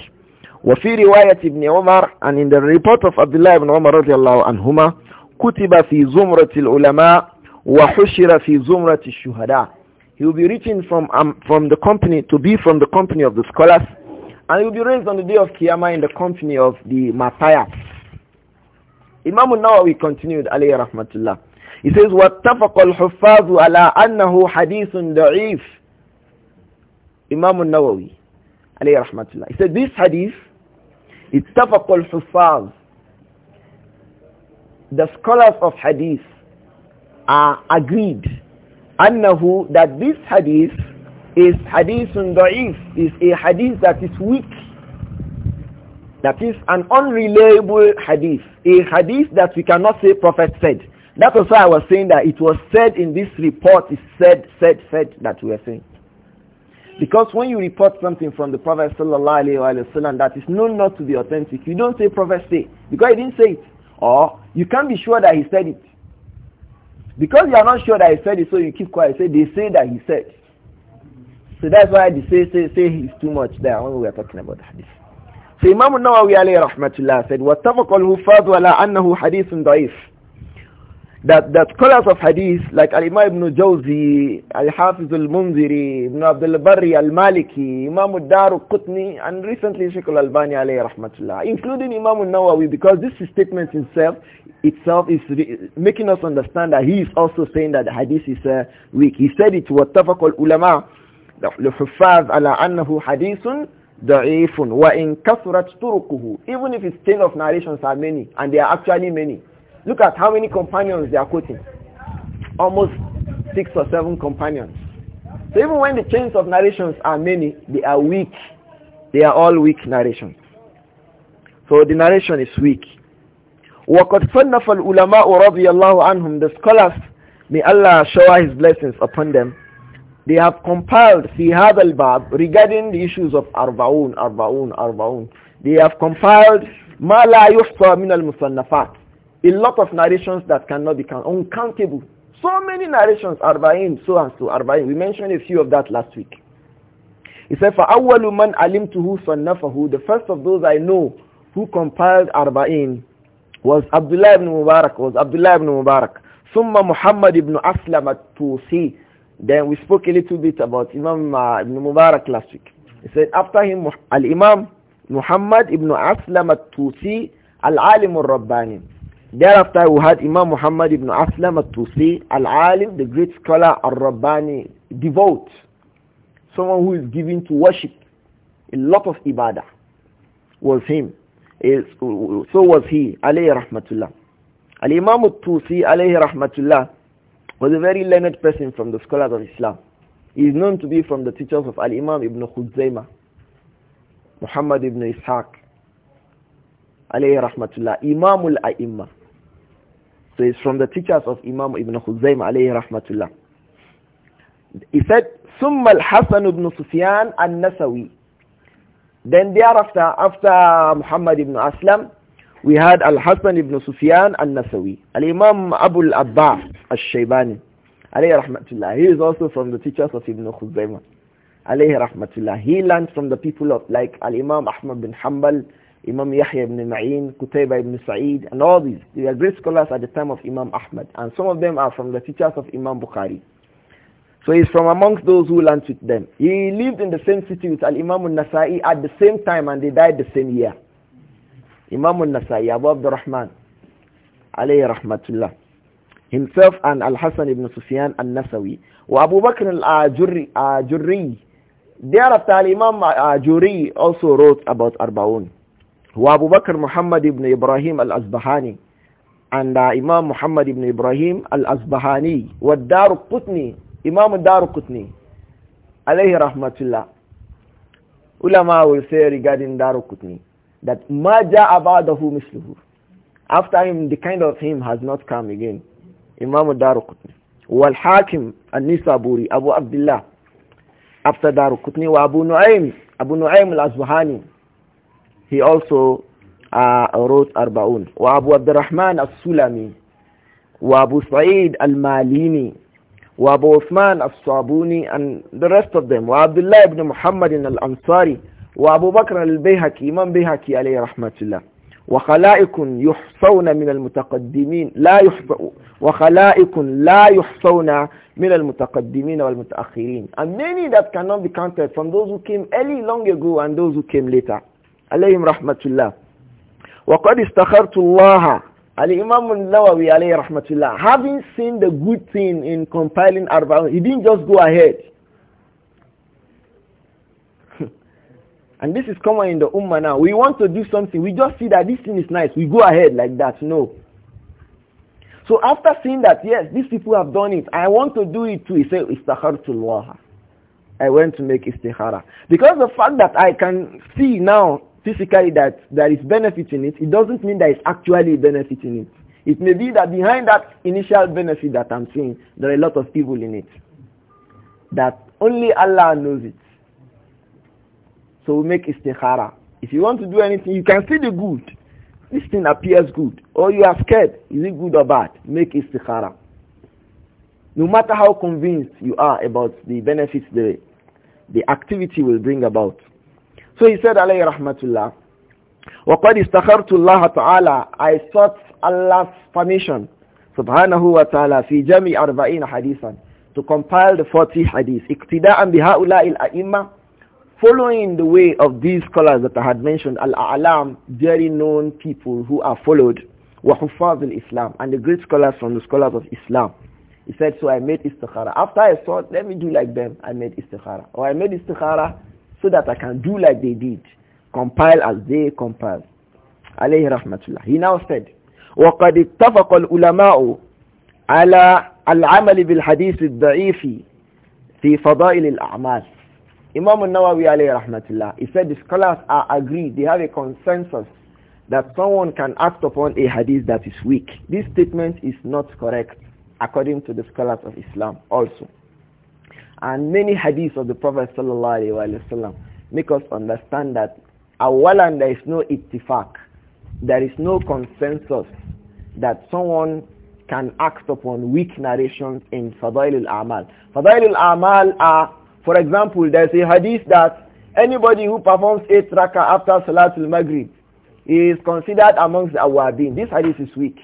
وفي رواية ابن عمر and in the report of Abdullah ibn Umar رضي الله عنهما كتب في زمرة العلماء وحشر في زمرة الشهداء he will be reaching from um, from the company to be from the company of the scholars and he will be raised on the day of Qiyamah in the company of the Matayat. Imam al-Nawawi continued, alayhi rahmatullah. He says, وَاتَّفَقَ الْحُفَّاظُ عَلَىٰ أَنَّهُ حَدِيثٌ ضَعِيفٌ Imam al-Nawawi, alayhi rahmatullah. He said, this hadith, اتَّفَقَ الْحُفَّاظُ The scholars of hadith are agreed, أَنَّهُ That this hadith is hadithun da'if, is a hadith that is weak. That is an unreliable hadith, a hadith that we cannot say prophet said. That was why I was saying that it was said in this report, it said, said, said that we are saying. Because when you report something from the Prophet wasallam that is known not to be authentic, you don't say Prophet say, because he didn't say it. Or you can't be sure that he said it. Because you are not sure that he said it, so you keep quiet. Say, they say that he said. So that's why they say say say he's too much there when we are talking about the hadith. So Imam Nawawi alayhi rahmatullah said, وَاتَّفَقَ الْهُفَاظُ وَلَا أَنَّهُ حَدِيثٌ ضَعِيفٌ That that scholars of hadith, like Al-Imam ibn Jawzi, Al-Hafiz al-Munziri, Ibn Abdul Barri al-Maliki, Imam al-Dar qutni and recently Sheikh al-Albani alayhi rahmatullah, including Imam al-Nawawi, because this statement itself, itself is making us understand that he is also saying that the hadith is uh, weak. He said it, وَاتَّفَقَ ulama. الحفاظ على أنه حديث ضعيف وإن كثرت طرقه even if its chain of narrations are many and they are actually many look at how many companions they are quoting almost six or seven companions so even when the chains of narrations are many they are weak they are all weak narrations so the narration is weak وقد صنف العلماء رضي الله عنهم the scholars may Allah shower his blessings upon them they have compiled fi al-bab regarding the issues of arbaun, arbaun, arbaun. They have compiled ma la yuhsa min al-musannafat. A lot of narrations that cannot be count, uncountable. So many narrations, arbain, so and so, arbain. We mentioned a few of that last week. He said, alim مَنْ عَلِمْتُهُ صَنَّفَهُ The first of those I know who compiled Arba'in was Abdullah ibn Mubarak, was Abdullah ibn Mubarak. ثم محمد Aslam at Tusi." Then we spoke a little bit about Imam uh, Ibn Mubarak last week. He said after him Al-Imam Muhammad Ibn Aslam Al-Tusi Al-Alim Al-Rabbani. Thereafter we had Imam Muhammad Ibn Aslam Al-Tusi Al-Alim, the great scholar Al-Rabbani, devout, someone who is given to worship, a lot of ibadah was him. So was he, alayhi rahmatullah. Al-Imam Al-Tusi alayhi rahmatullah was a very learned person from the scholars of Islam. He is known to be from the teachers of Al-Imam Ibn Khuzaymah, Muhammad Ibn Ishaq, alayhi rahmatullah, Imamul A'imma. So he's from the teachers of Imam Ibn Khuzaymah, alayhi rahmatullah. He said, ثم الحسن بن سفيان النسوي. Then thereafter, after Muhammad ibn Aslam, we had Al-Hasan ibn Sufyan al-Nasawi, Al-Imam Abu al-Abbas al-Shaybani, alayhi rahmatullah. He is also from the teachers of Ibn Khuzaimah, alayhi rahmatullah. He learned from the people of like Al-Imam Ahmad bin Hanbal, Imam Yahya ibn Ma'in, Qutayba ibn Sa'id, and all these. They were great scholars at the time of Imam Ahmad, and some of them are from the teachers of Imam Bukhari. So he's from amongst those who learned with them. He lived in the same city with Al-Imam al-Nasa'i at the same time and they died the same year. Imam al-Nasai, Abu Abdurrahman, alayhi rahmatullah, himself and Al-Hasan ibn Sufyan al-Nasawi, wa Abu Bakr al Ajuri thereafter Imam al-Ajurri also wrote about Arbaun, wa Abu Bakr Muhammad ibn Ibrahim al-Azbahani, and uh, Imam Muhammad ibn Ibrahim al-Azbahani, wa Daru Qutni, Imam Daru Qutni, alayhi rahmatullah. Ulama will say regarding Daru Qutni, that maja abadahu misluhu. After him, the kind of him has not come again. Imam Daruqutni. Wal Hakim An-Nisaburi, Abu Abdullah. After Daruqutni wa Abu Nu'aym, Abu Nu'aym Al-Asbahani. He also uh, wrote Arbaun. Wa Abu Abdurrahman Al sulami Wa Abu Sa'id Al-Malini. Wa Abu Uthman As-Sabuni and the rest of them. Abu Abdullah ibn Muhammad Al-Ansari. وأبو بكر البيهكي من بيهكي عليه رحمة الله وخلائق يحصون من المتقدمين لا يحصون وخلائق لا يحصون من المتقدمين والمتأخرين and many that cannot be counted from those who came early long ago and those who came later عليهم رحمة الله وقد استخرت الله الإمام النووي عليه رحمة الله having seen the good thing in compiling Arba'un he didn't just go ahead And this is common in the ummah now. We want to do something. We just see that this thing is nice. We go ahead like that. No. So after seeing that, yes, these people have done it. I want to do it too. He said, Istakhartullah. I went to make istikhara. Because the fact that I can see now physically that there is benefit in it, it doesn't mean that it's actually benefiting it. It may be that behind that initial benefit that I'm seeing, there are a lot of people in it. That only Allah knows it. So we make istikhara. If you want to do anything, you can see the good. This thing appears good. Or you are scared. Is it good or bad? Make istikhara. No matter how convinced you are about the benefits the, the activity will bring about. So he said, alayhi rahmatullah, وَقَدْ إِسْتَخَرْتُ اللَّهَ تَعَالَى I sought Allah's permission, subhanahu wa ta'ala, fi jami arba'in hadithan, to compile the 40 hadiths. اِقْتِدَاءً بِهَؤُلَاءِ الْأَئِمَّةِ Following the way of these scholars that I had mentioned, Al-A'lam, very known people who are followed, wa Hufaz al-Islam and the great scholars from the scholars of Islam. He said, so I made istikhara. After I thought, let me do like them, I made istikhara. Or I made istikhara so that I can do like they did. Compile as they compiled. Alayhi rahmatullah. He now said, وقد اتفق العلماء على العمل بالحديث الضعيف في فضائل الأعمال Imam al-Nawawi alayhi rahmatullah, he said the scholars are agreed, they have a consensus that someone can act upon a hadith that is weak. This statement is not correct according to the scholars of Islam also. And many hadiths of the Prophet sallallahu alayhi wasallam make us understand that awalan there is no ittifaq, there is no consensus that someone can act upon weak narrations in Fadail al-Amal. Fadail al-Amal are for example, there is a hadith that anybody who performs eight rakah after Salatul Maghrib is considered amongst the awabin. This hadith is weak.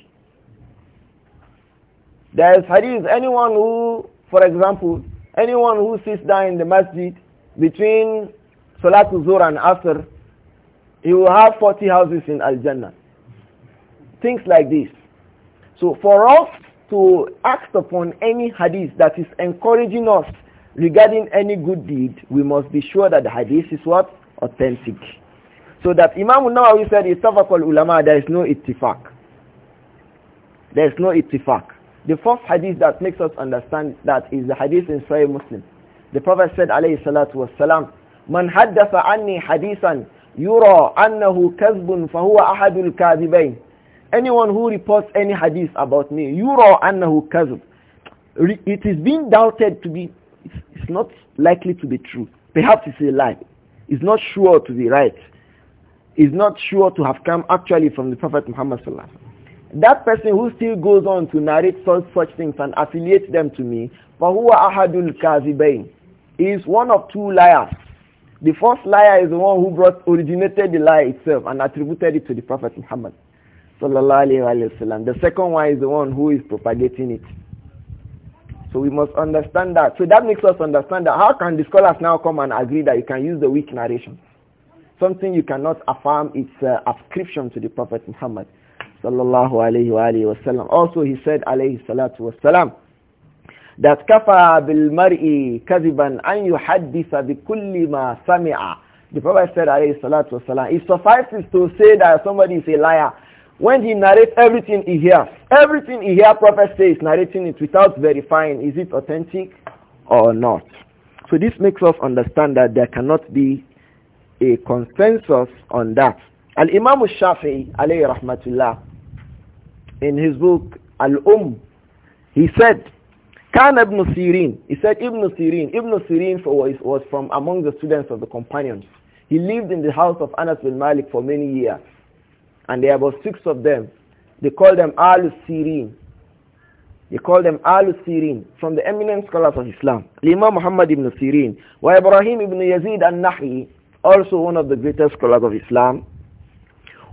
There is hadith, anyone who, for example, anyone who sits down in the masjid between Salatul Zuhr and Asr, he will have 40 houses in Al-Jannah. Things like this. So for us to act upon any hadith that is encouraging us regarding any good deed, we must be sure that the hadith is what? Authentic. So that Imam Nawawi said, Istafakul ulama, there is no ittifaq. There is no ittifaq. The first hadith that makes us understand that is the hadith in Sahih Muslim. The Prophet said, alayhi salatu wassalam, Man haddatha anni hadithan yura annahu kazbun fahuwa ahadul kadhibain. Anyone who reports any hadith about me, yura annahu kazb. It is being doubted to be it's not likely to be true. Perhaps it's a lie. It's not sure to be right. It's not sure to have come actually from the Prophet Muhammad sallallahu that person who still goes on to narrate such, such things and affiliate them to me, فَهُوَ أَحَدُ الْكَاذِبَيْنِ is one of two liars. The first liar is the one who brought, originated the lie itself and attributed it to the Prophet Muhammad. The second one is the one who is propagating it. So we must understand that. So that makes us understand that how can the scholars now come and agree that you can use the weak narration? Something you cannot affirm its uh, ascription to the Prophet Muhammad sallallahu alayhi wa alayhi Also he said alayhi salatu wa salam that kafa bil mar'i kadiban an yuhaddisa bi kulli ma sami'a. The Prophet said alayhi salatu wa salam, it suffices to say that somebody is a liar when he narrates everything he hears, everything he hears prophet says, narrating it without verifying, is it authentic or not? So this makes us understand that there cannot be a consensus on that. And imam al Shafi'i, alayhi rahmatullah, in his book al um he said, Khan ibn Sirin, he said Ibn Sirin, Ibn Sirin was from among the students of the companions. He lived in the house of Anas bin Malik for many years and there were six of them. They call them Al-Sirin. They call them Al-Sirin from the eminent scholars of Islam. Imam Muhammad ibn Sirin. Wa Ibrahim ibn Yazid al-Nahi, also one of the greatest scholars of Islam.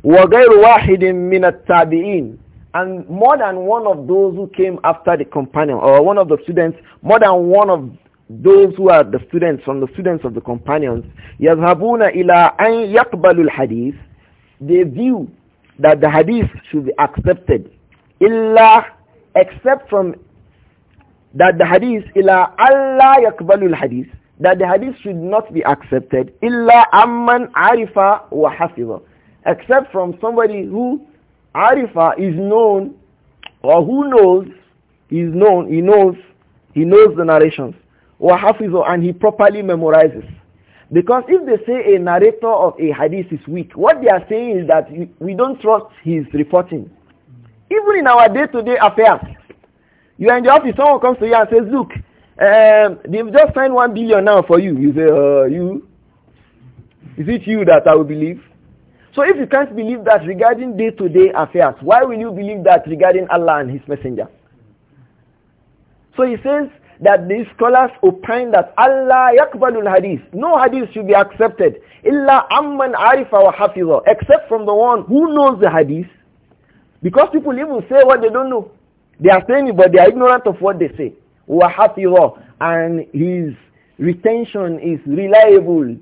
Wa ghayru wahidin min tabiin And more than one of those who came after the companion, or one of the students, more than one of those who are the students, from the students of the companions, يَذْهَبُونَ إِلَىٰ أَنْ يَقْبَلُ الْحَدِيثِ They view that the hadith should be accepted illa except from that the hadith illa Allah yakbalul hadith that the hadith should not be accepted illa amman arifa wa hafiza except from somebody who arifa is known or who knows is known he knows he knows the narrations wa hafiza and he properly memorizes because if they say a narrator of a hadith is weak, what they are saying is that we don't trust his reporting. Even in our day-to-day affairs, you are in the office, someone comes to you and says, look, um, they've just signed one billion now for you. You say, uh, you? Is it you that I will believe? So if you can't believe that regarding day to -day affairs, why will you believe that regarding Allah and His Messenger? So he says, that these scholars opine that Allah yakbalul hadith. No hadith should be accepted. Illa amman arifa wa Except from the one who knows the hadith. Because people even say what they don't know. They are saying it, but they are ignorant of what they say. Wa hafiza. And his retention is reliable.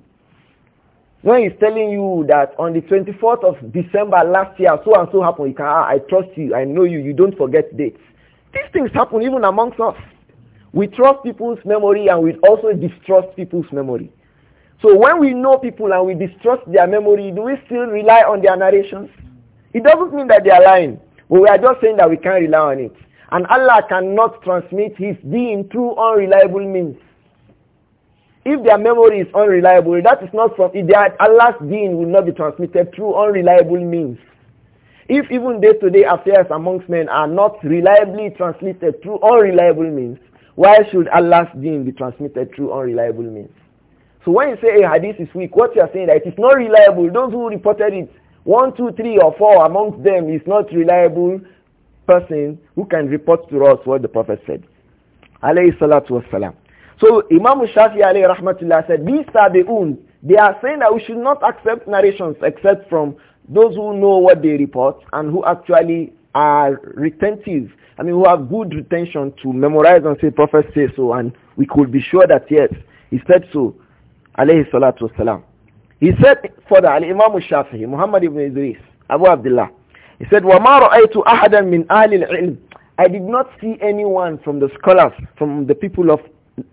When he's telling you that on the 24th of December last year, so and so happened, you can, ah, I trust you, I know you, you don't forget dates. These things happen even amongst us. We trust people's memory and we also distrust people's memory. So when we know people and we distrust their memory, do we still rely on their narrations? It doesn't mean that they are lying. But we are just saying that we can't rely on it. And Allah cannot transmit his deen through unreliable means. If their memory is unreliable, that is not from are, Allah's deen will not be transmitted through unreliable means. If even day-to-day -day affairs amongst men are not reliably transmitted through unreliable means, why should Allah's deen be transmitted through unreliable means? So when you say a hadith is weak, what you are saying that it is not reliable. Those who reported it, one, two, three, or four amongst them is not reliable person who can report to us what the Prophet said. Alayhi salatu wasalam. So Imam Shafi alayhi rahmatullah said, these tabi'un, they are saying that we should not accept narrations except from those who know what they report and who actually are retentive I mean, we have good retention to memorize and say, Prophet says so, and we could be sure that yes, he said so. Alayhi salatu wasalam. He said further, Al-Imam al-Shafi'i, Muhammad ibn Idris, Abu Abdullah, he said, وَمَا رَأَيْتُ أَحَدًا مِنْ أَهْلِ ilm." I did not see anyone from the scholars, from the people of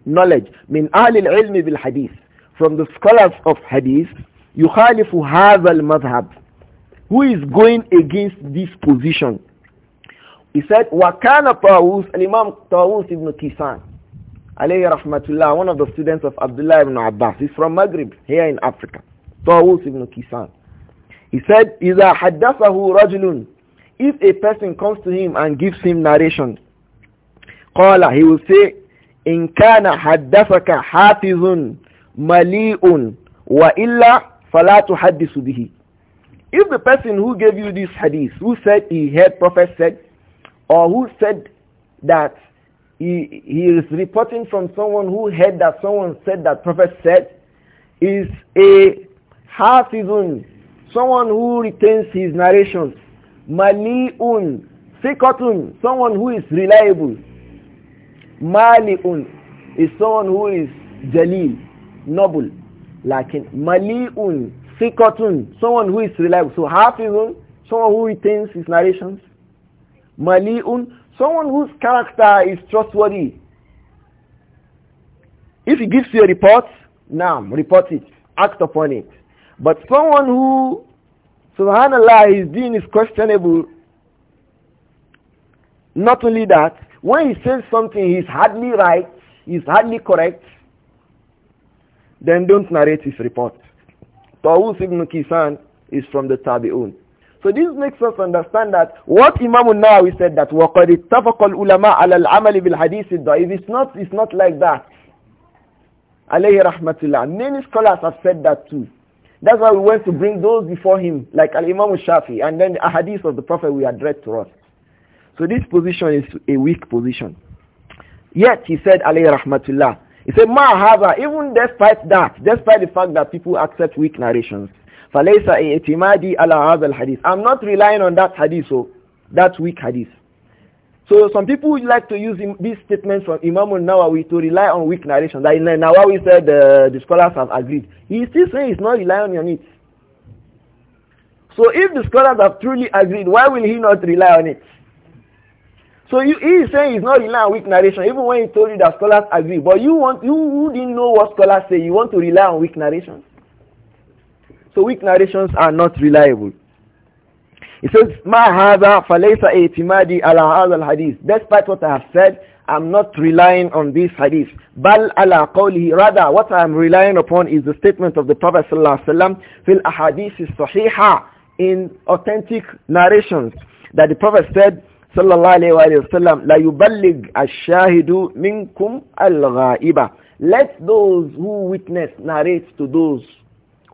knowledge, مِنْ أَهْلِ bil بِالْحَدِيثِ From the scholars of hadith, يُخَالِفُ al الْمَذْهَبِ Who is going against this position? He said, Wakana Tawus, and Imam Tawus ibn Kisan, alayhi rahmatullah, one of the students of Abdullah ibn Abbas. He's from Maghrib, here in Africa. Tawus ibn Kisan. He said, إِذَا حَدَّثَهُ rajulun?" If a person comes to him and gives him narration, قَالَ He will say, "In kana كَانَ حَدَّثَكَ حَافِظٌ مَلِيءٌ وَإِلَّا فَلَا تُحَدِّثُ بِهِ If the person who gave you this hadith, who said he heard Prophet said, or who said that he, he is reporting from someone who heard that someone said that prophet said is a hafizun, someone who retains his narrations, mali'un, sikotun, someone who is reliable, mali'un is someone who is jalil, noble, lakin mali'un, sikotun, someone who is reliable. So hafizun, someone who retains his narrations, mali'un, someone whose character is trustworthy. If he gives you a report, naam, report it, act upon it. But someone who, subhanallah, his deen is questionable, not only that, when he says something he's hardly right, he's hardly correct, then don't narrate his report. Tawus ibn Kisan is from the Tabi'un. So this makes us understand that what Imam Nawawi said that وَقَدِ اتَّفَقَ الْعُلَمَاءَ عَلى الْعَمَلِ بِالْحَدِيثِ الضَّعِيفِ It's not, it's not like that. Alayhi rahmatullah. Many scholars have said that too. That's why we went to bring those before him, like Al-Imam Shafi, and then the hadith of the Prophet we address to us. So this position is a weak position. Yet he said, alayhi rahmatullah, he said, ma'ahava, even despite that, despite the fact that people accept weak narrations, الْحَدِيثِ I'm not relying on that hadith, so oh, that weak hadith. So some people would like to use these statements from Imam al-Nawawi to rely on weak narration. That Nawawi said uh, the scholars have agreed. He still saying he's not relying on it. So if the scholars have truly agreed, why will he not rely on it? So you, he is saying he's not relying on weak narration, even when he told you that scholars agree. But you want you, didn't know what scholars say. You want to rely on weak narration. So weak narrations are not reliable. It says, Ma hadha falaysa i'timadi ala hadha al-hadith. Despite what I have said, I'm not relying on this hadith. Bal ala qawlihi. Rather, what I'm relying upon is the statement of the Prophet sallallahu alaihi wasallam fil ahadith sahiha in authentic narrations that the Prophet said sallallahu alaihi wasallam la yuballigh ash-shahidu minkum al-ghaiba. Let those who witness narrate to those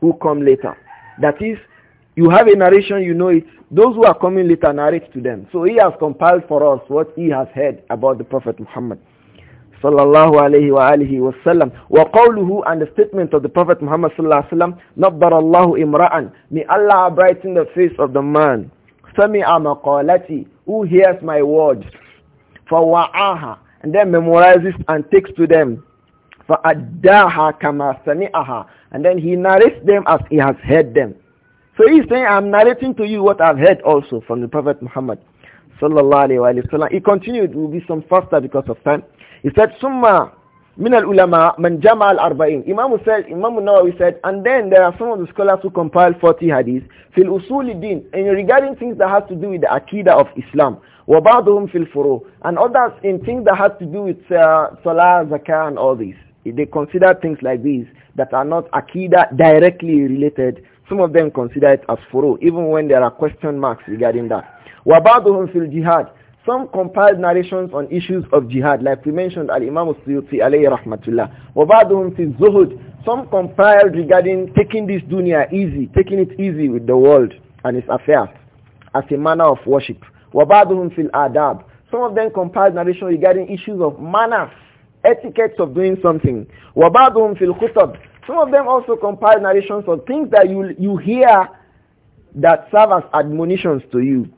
who come later. That is, you have a narration, you know it. Those who are coming later narrate to them. So he has compiled for us what he has heard about the Prophet Muhammad. Sallallahu alayhi wa alihi wa sallam. Wa qawluhu and the statement of the Prophet Muhammad sallallahu alayhi wa sallam. Nabbarallahu imra'an. May Allah brighten the face of the man. Sami'a maqalati. Who hears my words. Fawa'aha. And then memorizes and takes to them. Fa'addaha kama sami'aha and then he narrates them as he has heard them. So he's saying, I'm narrating to you what I've heard also from the Prophet Muhammad. Sallallahu alayhi wa sallam. He continued, it will be some faster because of time. He said, Summa min al-ulama man jama al-arba'in. Imam said, Imam Nawawi said, and then there are some of the scholars who compiled 40 hadiths. Fil usuli din. And regarding things that has to do with the akida of Islam. Wa ba'duhum fil furu. And others in things that has to do with uh, salah, zakah and all these. They consider things like these that are not akida directly related. Some of them consider it as furu, even when there are question marks regarding that. وَبَعْضُهُمْ fil jihad. Some compiled narrations on issues of jihad, like we mentioned Al-Imam Suyuti alayhi rahmatullah. وَبَعْضُهُمْ fil zuhud. Some compiled regarding taking this dunya easy, taking it easy with the world and its affairs as a manner of worship. وَبَعْضُهُمْ fil adab. Some of them compiled narration regarding issues of manners etiquettes of doing something. وَبَعْضُهُمْ فِي الْخُطَبِ Some of them also compile narrations of things that you, you hear that serve as admonitions to you.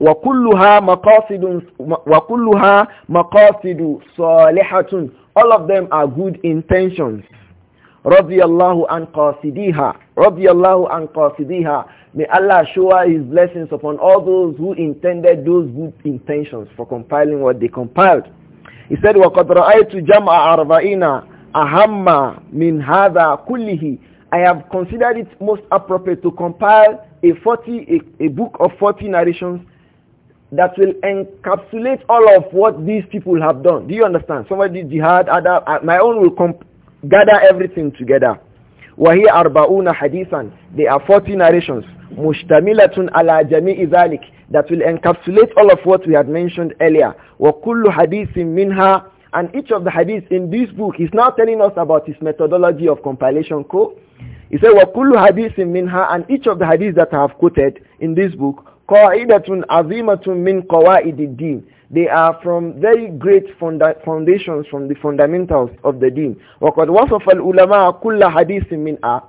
وَكُلُّهَا مَقَاصِدٌ وَكُلُّهَا مَقَاصِدُ صَالِحَةٌ All of them are good intentions. رضي الله عن قاصديها رضي الله عن قاصديها May Allah shower His blessings upon all those who intended those good intentions for compiling what they compiled. He said, وَقَدْ رَأَيْتُ جَمْعَ أَرْبَعِينَ أَهَمَّ مِنْ هَذَا كُلِّهِ I have considered it most appropriate to compile a 40 a, a book of 40 narrations that will encapsulate all of what these people have done. Do you understand? Somebody jihad, other, uh, my own will gather everything together. وَهِيَ أَرْبَعُونَ حَدِيثًا There are 40 narrations. مُشْتَمِلَةٌ عَلَى جَمِيعِ ذَلِكِ that will encapsulate all of what we had mentioned earlier. وَكُلُّ حَدِيثٍ مِنْهَا And each of the hadiths in this book is now telling us about his methodology of compilation code. He said, وَكُلُّ حَدِيثٍ مِنْهَا And each of the hadiths that I have quoted in this book, قَاعِدَةٌ عَظِيمَةٌ مِنْ قَوَائِدِ الدِّينِ They are from very great funda foundations, from the fundamentals of the deen. وَقَدْ وَصَفَ الْعُلَمَاءَ كُلَّ حَدِيثٍ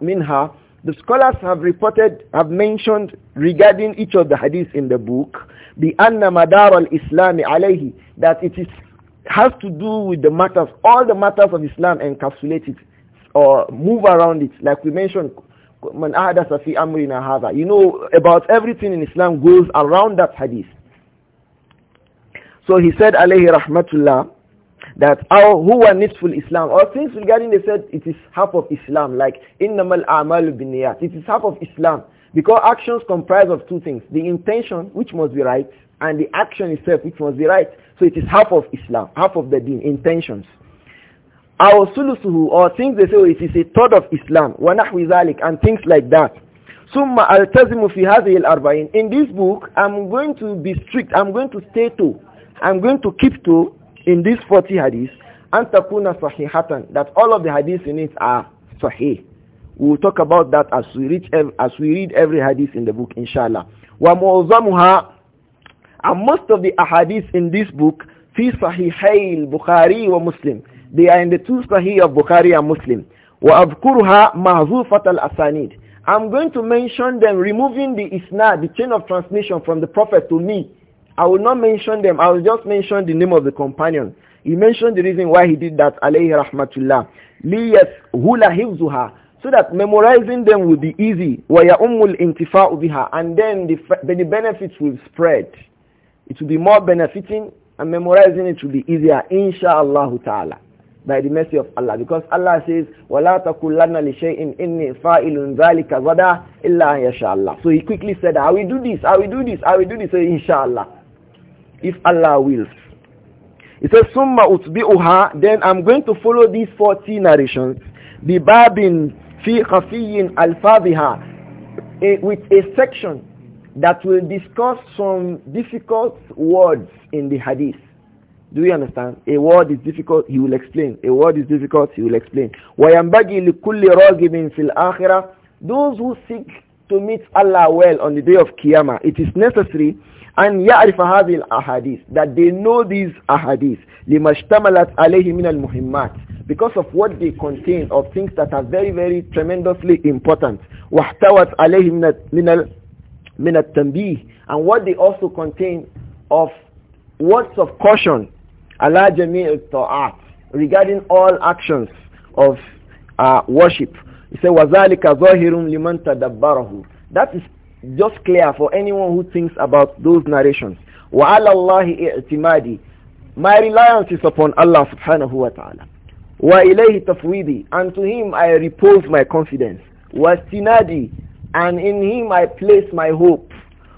مِنْهَا the scholars have reported, have mentioned regarding each of the hadiths in the book, the anna madar al islami alayhi, that it is, has to do with the matters, all the matters of Islam encapsulated or move around it. Like we mentioned, man ahadasa fi amrina hadha. You know, about everything in Islam goes around that hadith. So he said, alayhi rahmatullah, that oh, how are nisful Islam or things regarding they said it is half of Islam like innamal amal binniyat it is half of Islam because actions comprise of two things the intention which must be right and the action itself which must be right so it is half of Islam half of the deen intentions our sulusuhu or things they say oh, it is a third of Islam wa zalik and things like that ثم التزم في هذه الأربعين in this book I'm going to be strict I'm going to stay to I'm going to keep to in these 40 hadiths, antakuna sahihatan, that all of the hadiths in it are sahih. We'll talk about that as we, reach, as we read every hadith in the book, inshallah. Wa mu'azzamuha, and most of the hadiths in this book, fi sahihayil Bukhari wa Muslim. They are in the two sahih of Bukhari and Muslim. Wa abkuruha mahzufat al-asanid. I'm going to mention them removing the isnad, the chain of transmission from the Prophet to me I will not mention them. I will just mention the name of the companion. He mentioned the reason why he did that, alayhi rahmatullah. Liyas hula hifzuha. So that memorizing them will be easy. وَيَأُمُّ الْإِنْتِفَاءُ بِهَا And then the, the benefits will spread. It will be more benefiting and memorizing it will be easier, inshallah ta'ala by the mercy of Allah because Allah says wala taqulanna li shay'in inni fa'ilun dhalika ghada illa yasha Allah so he quickly said I will do this I will do this I will do this so inshallah if Allah wills. He says, Summa utbi'uha, then I'm going to follow these 40 narrations. Bibabin fi khafiyin al-fadhiha, eh, with a section that will discuss some difficult words in the hadith. Do you understand? A word is difficult, he will explain. A word is difficult, he will explain. وَيَنْبَغِي لِكُلِّ رَاغِبٍ فِي الْآخِرَةِ Those who seek to meet Allah well on the day of Qiyamah, it is necessary أن يعرف هذه الأحاديث that they know these أحاديث لما اشتملت عليه من المهمات because of what they contain of things that are very very tremendously important واحتوت عليه من من من التنبيه and what they also contain of words of caution على جميع الطاعات regarding all actions of uh, worship he said وذلك ظاهر لمن تدبره that is just clear for anyone who thinks about those narrations. وَعَلَى اللَّهِ اِعْتِمَادِي My reliance is upon Allah subhanahu wa ta'ala. وَإِلَيْهِ تَفْوِيدِي And to Him I repose my confidence. وَاسْتِنَادِي And in Him I place my hope.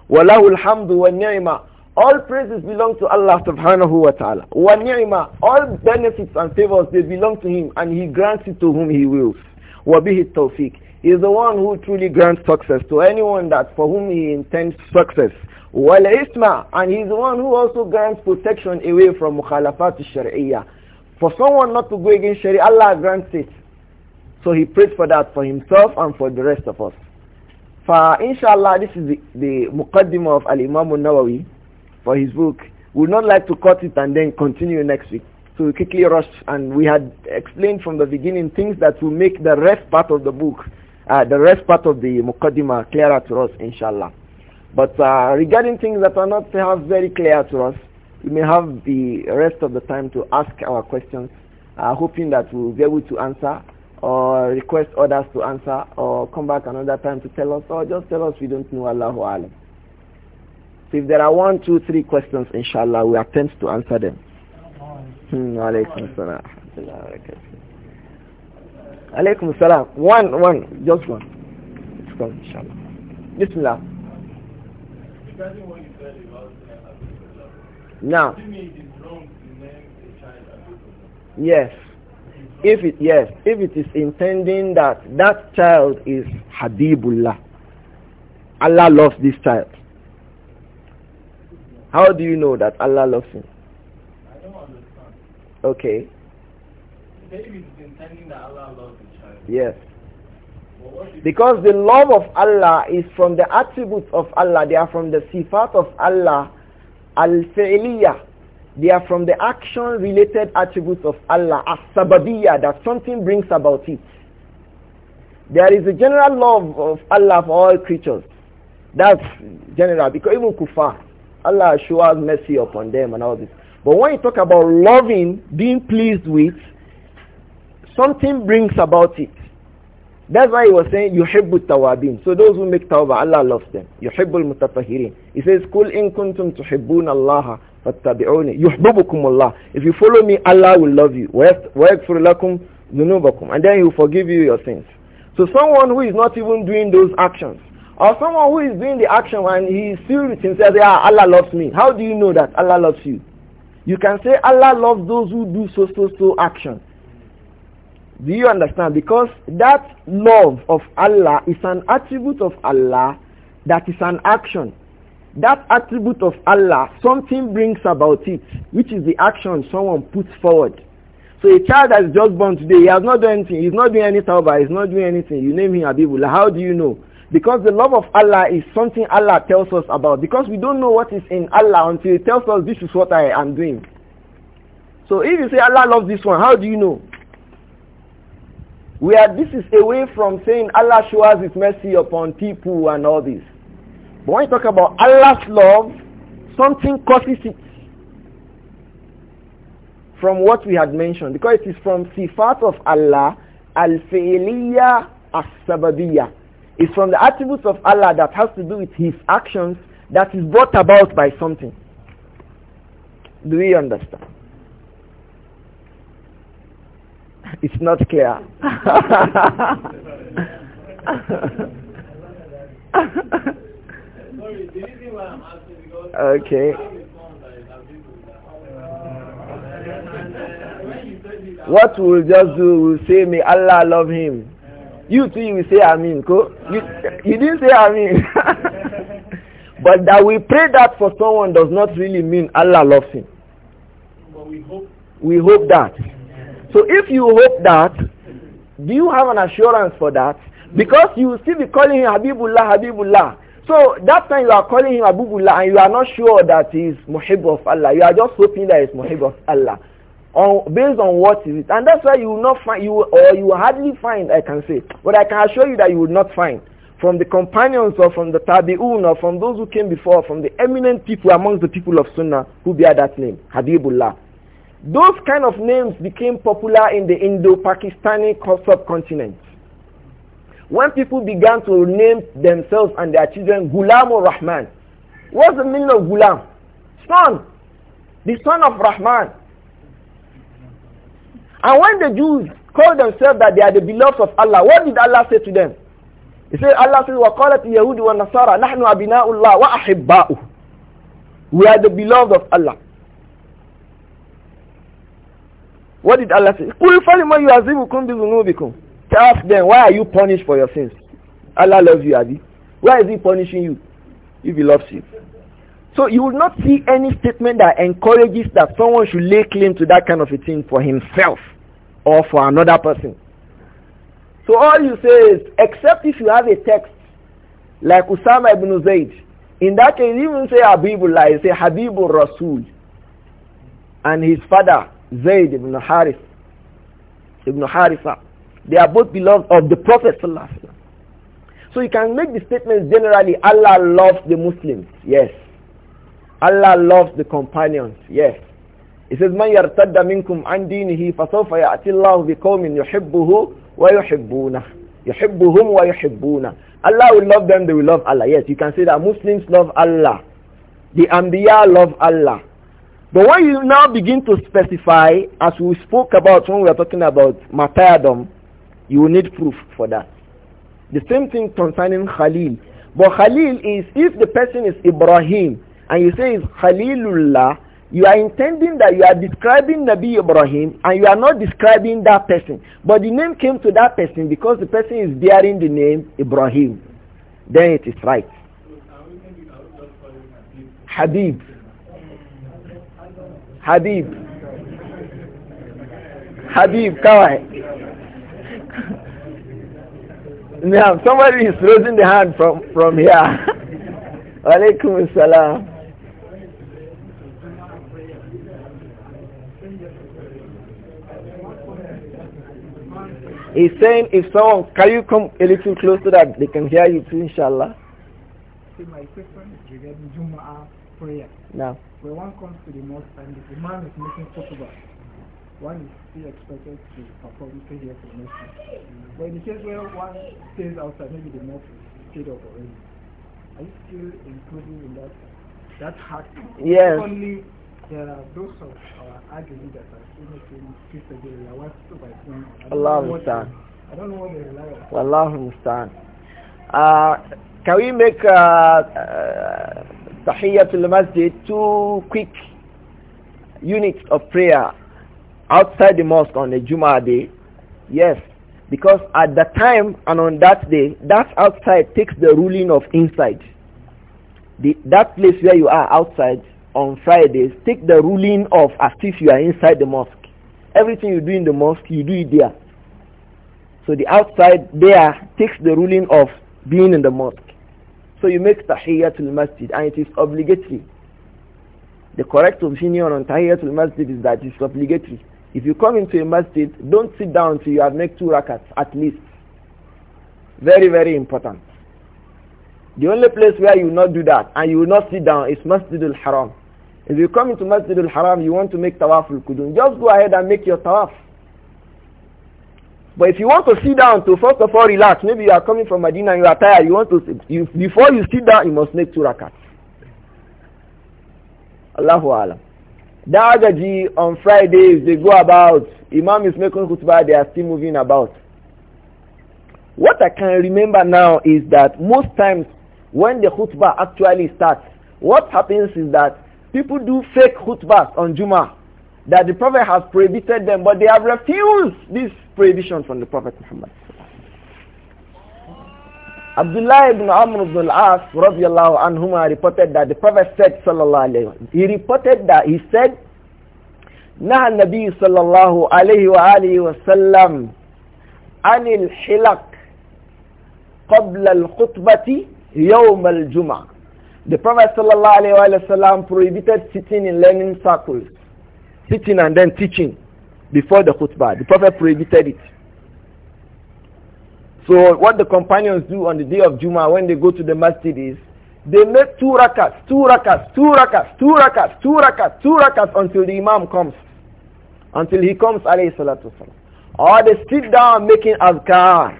وَلَهُ الْحَمْدُ niyima. All praises belong to Allah subhanahu wa ta'ala. niyima. All benefits and favors, they belong to Him and He grants it to whom He wills. وَبِهِ التَّوْفِيقِ is the one who truly grants success to anyone that for whom he intends success. Wal isma, and he's the one who also grants protection away from mukhalafat shariah. For someone not to go against Sharia, Allah grants it. So he prays for that for himself and for the rest of us. For inshallah, this is the, the muqaddimah of Al-Imam al-Nawawi for his book. We would not like to cut it and then continue next week. So we quickly rush and we had explained from the beginning things that will make the rest part of the book uh, the rest part of the Muqaddimah clearer to us, inshallah. But uh, regarding things that are not perhaps very clear to us, we may have the rest of the time to ask our questions, uh, hoping that we'll be able to answer or request others to answer or come back another time to tell us or just tell us we don't know Allahu Alam. So if there are one, two, three questions, inshallah, we attempt to answer them. Hmm, Alaykum salam. One, one, just one. It's called inshallah. Bismillah. Now. Yes. If it yes, if it is intending that that child is Habibullah, Allah loves this child. How do you know that Allah loves him? I don't understand. Okay intending that Allah loves the child. Yes. Because the love of Allah is from the attributes of Allah. They are from the sifat of Allah. Al-fi'liyah. They are from the action-related attributes of Allah. As-sababiyah. That something brings about it. There is a general love of Allah for all creatures. That's general. Because even kuffar, Allah shows mercy upon them and all this. But when you talk about loving, being pleased with, Something brings about it. That's why he was saying, يُحِبُّ التَّوَابِينَ So those who make tawbah, Allah loves them. يُحِبُّ الْمُتَطَهِرِينَ He says, قُلْ إِن كُنْتُمْ تُحِبُّونَ اللَّهَ فَاتَّبِعُونِ يُحْبُبُكُمُ اللَّهِ If you follow me, Allah will love you. وَيَكْفُرُ لَكُمْ ذُنُوبَكُمْ And then he will forgive you your sins. So someone who is not even doing those actions, or someone who is doing the action and he is filled with himself, yeah, Allah loves me. How do you know that Allah loves you? You can say Allah loves those who do so so so actions. Do you understand? Because that love of Allah is an attribute of Allah that is an action. That attribute of Allah, something brings about it, which is the action someone puts forward. So a child that is just born today, he has not done anything, he's not doing any tawbah, he's not doing anything. You name him Abibullah. How do you know? Because the love of Allah is something Allah tells us about. Because we don't know what is in Allah until He tells us this is what I am doing. So if you say Allah loves this one, how do you know? Where this is away from saying Allah showers his mercy upon people and all this. But when you talk about Allah's love, something causes it from what we had mentioned. Because it is from sifat of Allah, al-fi'liya as-sababiyya. It's from the attributes of Allah that has to do with his actions that is brought about by something. Do we understand? it's not clear. okay. What we'll just do, we'll say, may Allah love him. You too, you will say Amin. mean," You, you didn't say Amin. (laughs) but that we pray that for someone does not really mean Allah loves him. But we hope. We hope that. So if you hope that, do you have an assurance for that? Because you will still be calling him Habibullah, Habibullah. So that time you are calling him Habibullah and you are not sure that he is Muhib of Allah. You are just hoping that he is Muhib of Allah. On, based on what is it. And that's why you will not find, you or you will hardly find, I can say. But I can assure you that you will not find from the companions or from the tabi'un or from those who came before, from the eminent people amongst the people of Sunnah who bear that name, Habibullah. Those kind of names became popular in the Indo-Pakistani subcontinent. When people began to name themselves and their children Ghulam or Rahman, what's the meaning of Ghulam? Son, the son of Rahman. And when the Jews called themselves that they are the beloved of Allah, what did Allah say to them? He said, Allah says, وَقَالَتْ الْيَهُودُ وَالنَّصَارَى نَحْنُ أَبِنَاءُ اللَّهِ وَأَحِبَّاؤُهُ We are the beloved of Allah. What did Allah say? قُلْ فَلِمَا يُعَذِّبُكُمْ بِذُنُوبِكُمْ Ask them, why are you punished for your sins? Allah loves you, Adi. Why is he punishing you if he loves you? So you will not see any statement that encourages that someone should lay claim to that kind of a thing for himself or for another person. So all you say is, except if you have a text like Usama ibn Zayd, in that case, even say Habibullah, you say Habibul Rasul. And his father Zayd ibn Harith, ibn Haritha. They are both beloved of the Prophet So you can make the statement generally, Allah loves the Muslims, yes. Allah loves the companions, yes. It says, من يرتد منكم عن دينه فسوف يأتي الله بقوم يحبه ويحبونه يحبهم ويحبونه Allah will love them, they will love Allah. Yes, you can say that Muslims love Allah. The Anbiya love Allah. But when you now begin to specify, as we spoke about when we were talking about martyrdom, you will need proof for that. The same thing concerning Khalil. But Khalil is, if the person is Ibrahim, and you say it's Khalilullah, you are intending that you are describing Nabi Ibrahim, and you are not describing that person. But the name came to that person because the person is bearing the name Ibrahim. Then it is right. Habib. Habib. Habib, Kawai. now, (laughs) somebody is raising the hand from, from here. (laughs) Alaikum salam. He's saying if someone, can you come a little closer that they can hear you too, inshallah? See, my question is regarding Jumu'ah prayer. Now when one comes to the mosque and the man is making khutbah, one is still expected to perform three years of mercy. But in the case where one stays outside, maybe the mosque is stayed up already, are you still included in that that heart. Yes. Only there are those of our agri that are still making Christian I want to buy them. Allah understand. I don't know what they rely on. Allah understand. Uh, can we make uh, uh, Tahiyatul Masjid, two quick units of prayer outside the mosque on a Juma day. Yes, because at that time and on that day, that outside takes the ruling of inside. The, that place where you are outside on Fridays, take the ruling of as if you are inside the mosque. Everything you do in the mosque, you do it there. So the outside there takes the ruling of being in the mosque. So you make Tahiyyatul Masjid and it is obligatory. The correct opinion on Tahiyyatul Masjid is that it's obligatory. If you come into a masjid, don't sit down till you have made two rakats at least. Very, very important. The only place where you will not do that and you will not sit down is Masjidul Haram. If you come into Masjidul Haram, you want to make tawaf al-kudun, just go ahead and make your tawaf. But if you want to sit down to first of all relax, maybe you are coming from Medina and you are tired, you want to sit, you, before you sit down, you must make two rakats. Allahu Alam. Dagaji on Fridays, they go about, Imam is making khutbah, they are still moving about. What I can remember now is that most times when the khutbah actually starts, what happens is that people do fake khutbahs on Jummah that the Prophet has prohibited them, but they have refused this prohibition from the Prophet Muhammad. Abdullah ibn Amr ibn al-As anhuma reported that the Prophet said sallallahu alayhi wa He reported that he said, نهى النبي صلى الله عليه وآله وسلم عن الحلق قبل الخطبة يوم الجمعة. The Prophet الله عليه وآله وسلم, prohibited sitting in learning circles sitting and then teaching before the khutbah. The Prophet prohibited it. So what the companions do on the day of Juma when they go to the masjid is they make two rakats, two rakats, two rakats, two rakats, two rakats, two rakats until the imam comes. Until he comes, alayhi salatu wasalam. Or they sit down making azkar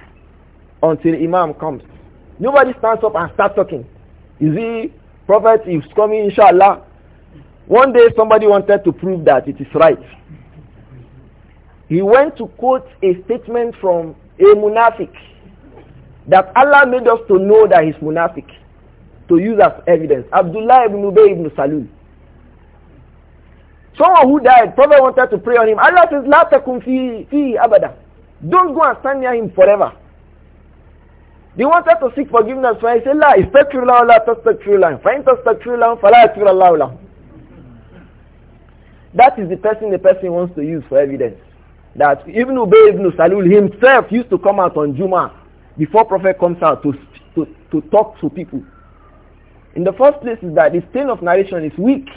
until imam comes. Nobody stands up and starts talking. You see, prophet is coming, inshallah. One day somebody wanted to prove that it is right. He went to quote a statement from a munafik that Allah made us to know that he's munafik to use as evidence. Abdullah ibn Ubay ibn Salul. Someone who died, Prophet wanted to pray on him. Allah says, La takum fi, fi abada. Don't go and stand near him forever. They wanted to seek forgiveness for him. He said, La, istakfirullah, la tastakfirullah. Fa in tastakfirullah, fala yakfirullah that is the person the person wants to use for evidence. That Ibn Ubay ibn Salul himself used to come out on Juma before Prophet comes out to, to, to talk to people. In the first place is that the chain of narration is weak.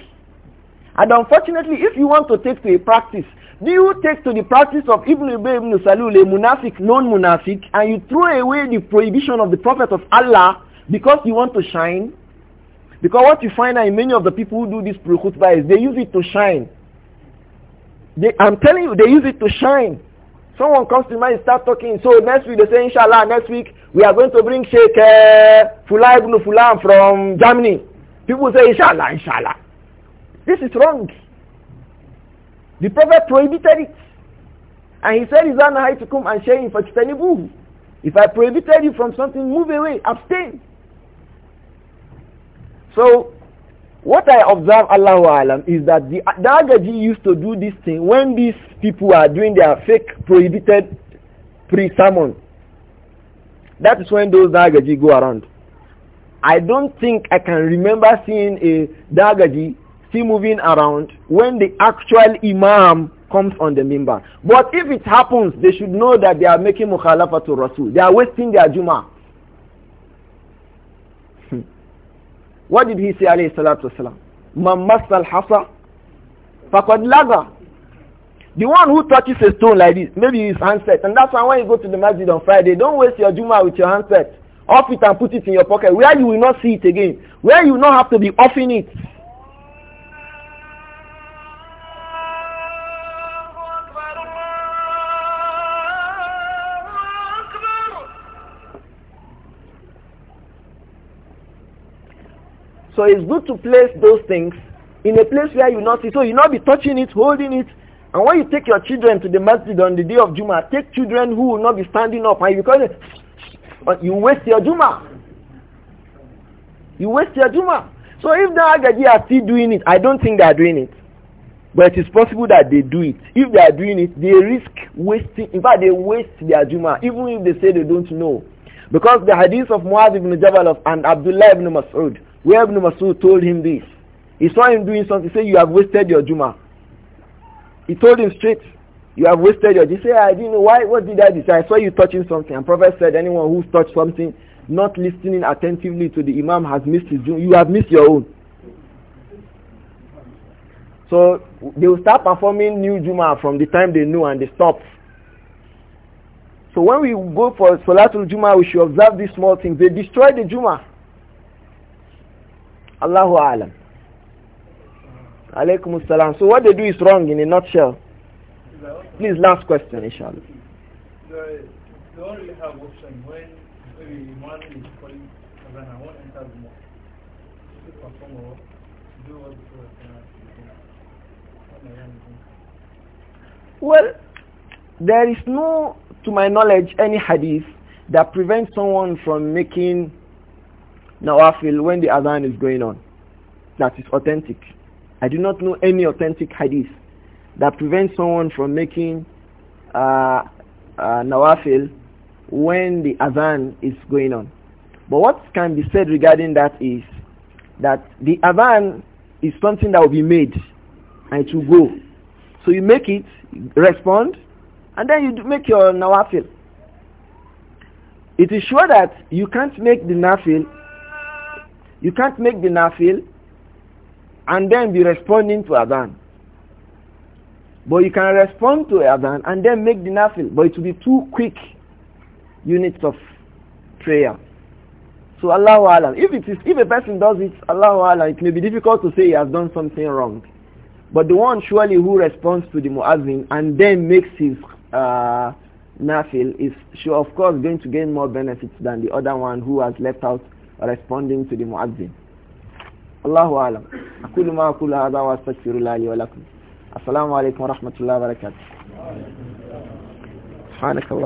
And unfortunately, if you want to take to a practice, do you take to the practice of Ibn Ubay ibn Salul, a munafiq, non-munafiq, and you throw away the prohibition of the Prophet of Allah because you want to shine? Because what you find in many of the people who do this pre-khutbah is they use it to shine. They, I'm telling you, they use it to shine. Someone comes to mind, start talking. So next week they say, inshallah, next week we are going to bring Sheikh uh, eh, Fulai ibn Fulan from Germany. People say, inshallah, inshallah. This is wrong. The Prophet prohibited it. And he said, to come and shayin fajtanibuhu. If I prohibited you from something, move away, abstain. So what I observe, Allahu Alam, is that the, the Agaji used to do this thing when these people are doing their fake prohibited pre-sermon. That is when those Dagaji go around. I don't think I can remember seeing a Dagaji still moving around when the actual Imam comes on the member. But if it happens, they should know that they are making mukhalafa to Rasul. They are wasting their Jummah. What did he say alayhi salatu wasalam? Man masal hasa faqad laga. The one who touches a stone like this, maybe his handset. And that's why when you go to the masjid on Friday, don't waste your Juma with your handset. Off it and put it in your pocket where you will not see it again. Where you will not have to be offing it. So it's good to place those things in a place where you not see. So you not be touching it, holding it. And when you take your children to the masjid on the day of Juma, take children who will not be standing up and you call you waste your Juma. You waste your Juma. So if the Agaji are still doing it, I don't think they are doing it. But it is possible that they do it. If they are doing it, they risk wasting. In fact, they waste their Juma, even if they say they don't know. Because the hadith of Muaz ibn Jabal of, and Abdullah ibn Mas'ud, where Ibn Masud told him this. He saw him doing something. He said, you have wasted your Juma. He told him straight, you have wasted your Juma. He said, I didn't know. Why? What did I decide? I saw you touching something. And Prophet said, anyone who's touched something, not listening attentively to the Imam has missed his Juma. You have missed your own. So they will start performing new Juma from the time they know and they stop. So when we go for Salatul Juma, we should observe these small things. They destroy the Juma. Allahu Alam. Alaykum salam. So what they do is wrong in a nutshell. Please, last question, inshallah. The, the only have option when maybe is calling I won't enter the mosque perform or do what Well, there is no, to my knowledge, any hadith that prevents someone from making nawafil when the adhan is going on. That is authentic. I do not know any authentic hadith that prevents someone from making uh, uh, nawafil when the adhan is going on. But what can be said regarding that is that the adhan is something that will be made and it will go. So you make it, respond, and then you make your nawafil. It is sure that you can't make the nafil you can't make the nafil and then be responding to adhan. But you can respond to adhan and then make the nafil. But it will be two quick units of prayer. So Allahu Alam. If, it is, if a person does it, Allahu Alam, it may be difficult to say he has done something wrong. But the one surely who responds to the muazzin and then makes his uh, nafil is sure of course going to gain more benefits than the other one who has left out responding to the muazzin Allahu alam aqulu ma aqulu hadha wa astaghfirullah li wa lakum assalamu alaykum wa rahmatullahi wa barakatuh subhanak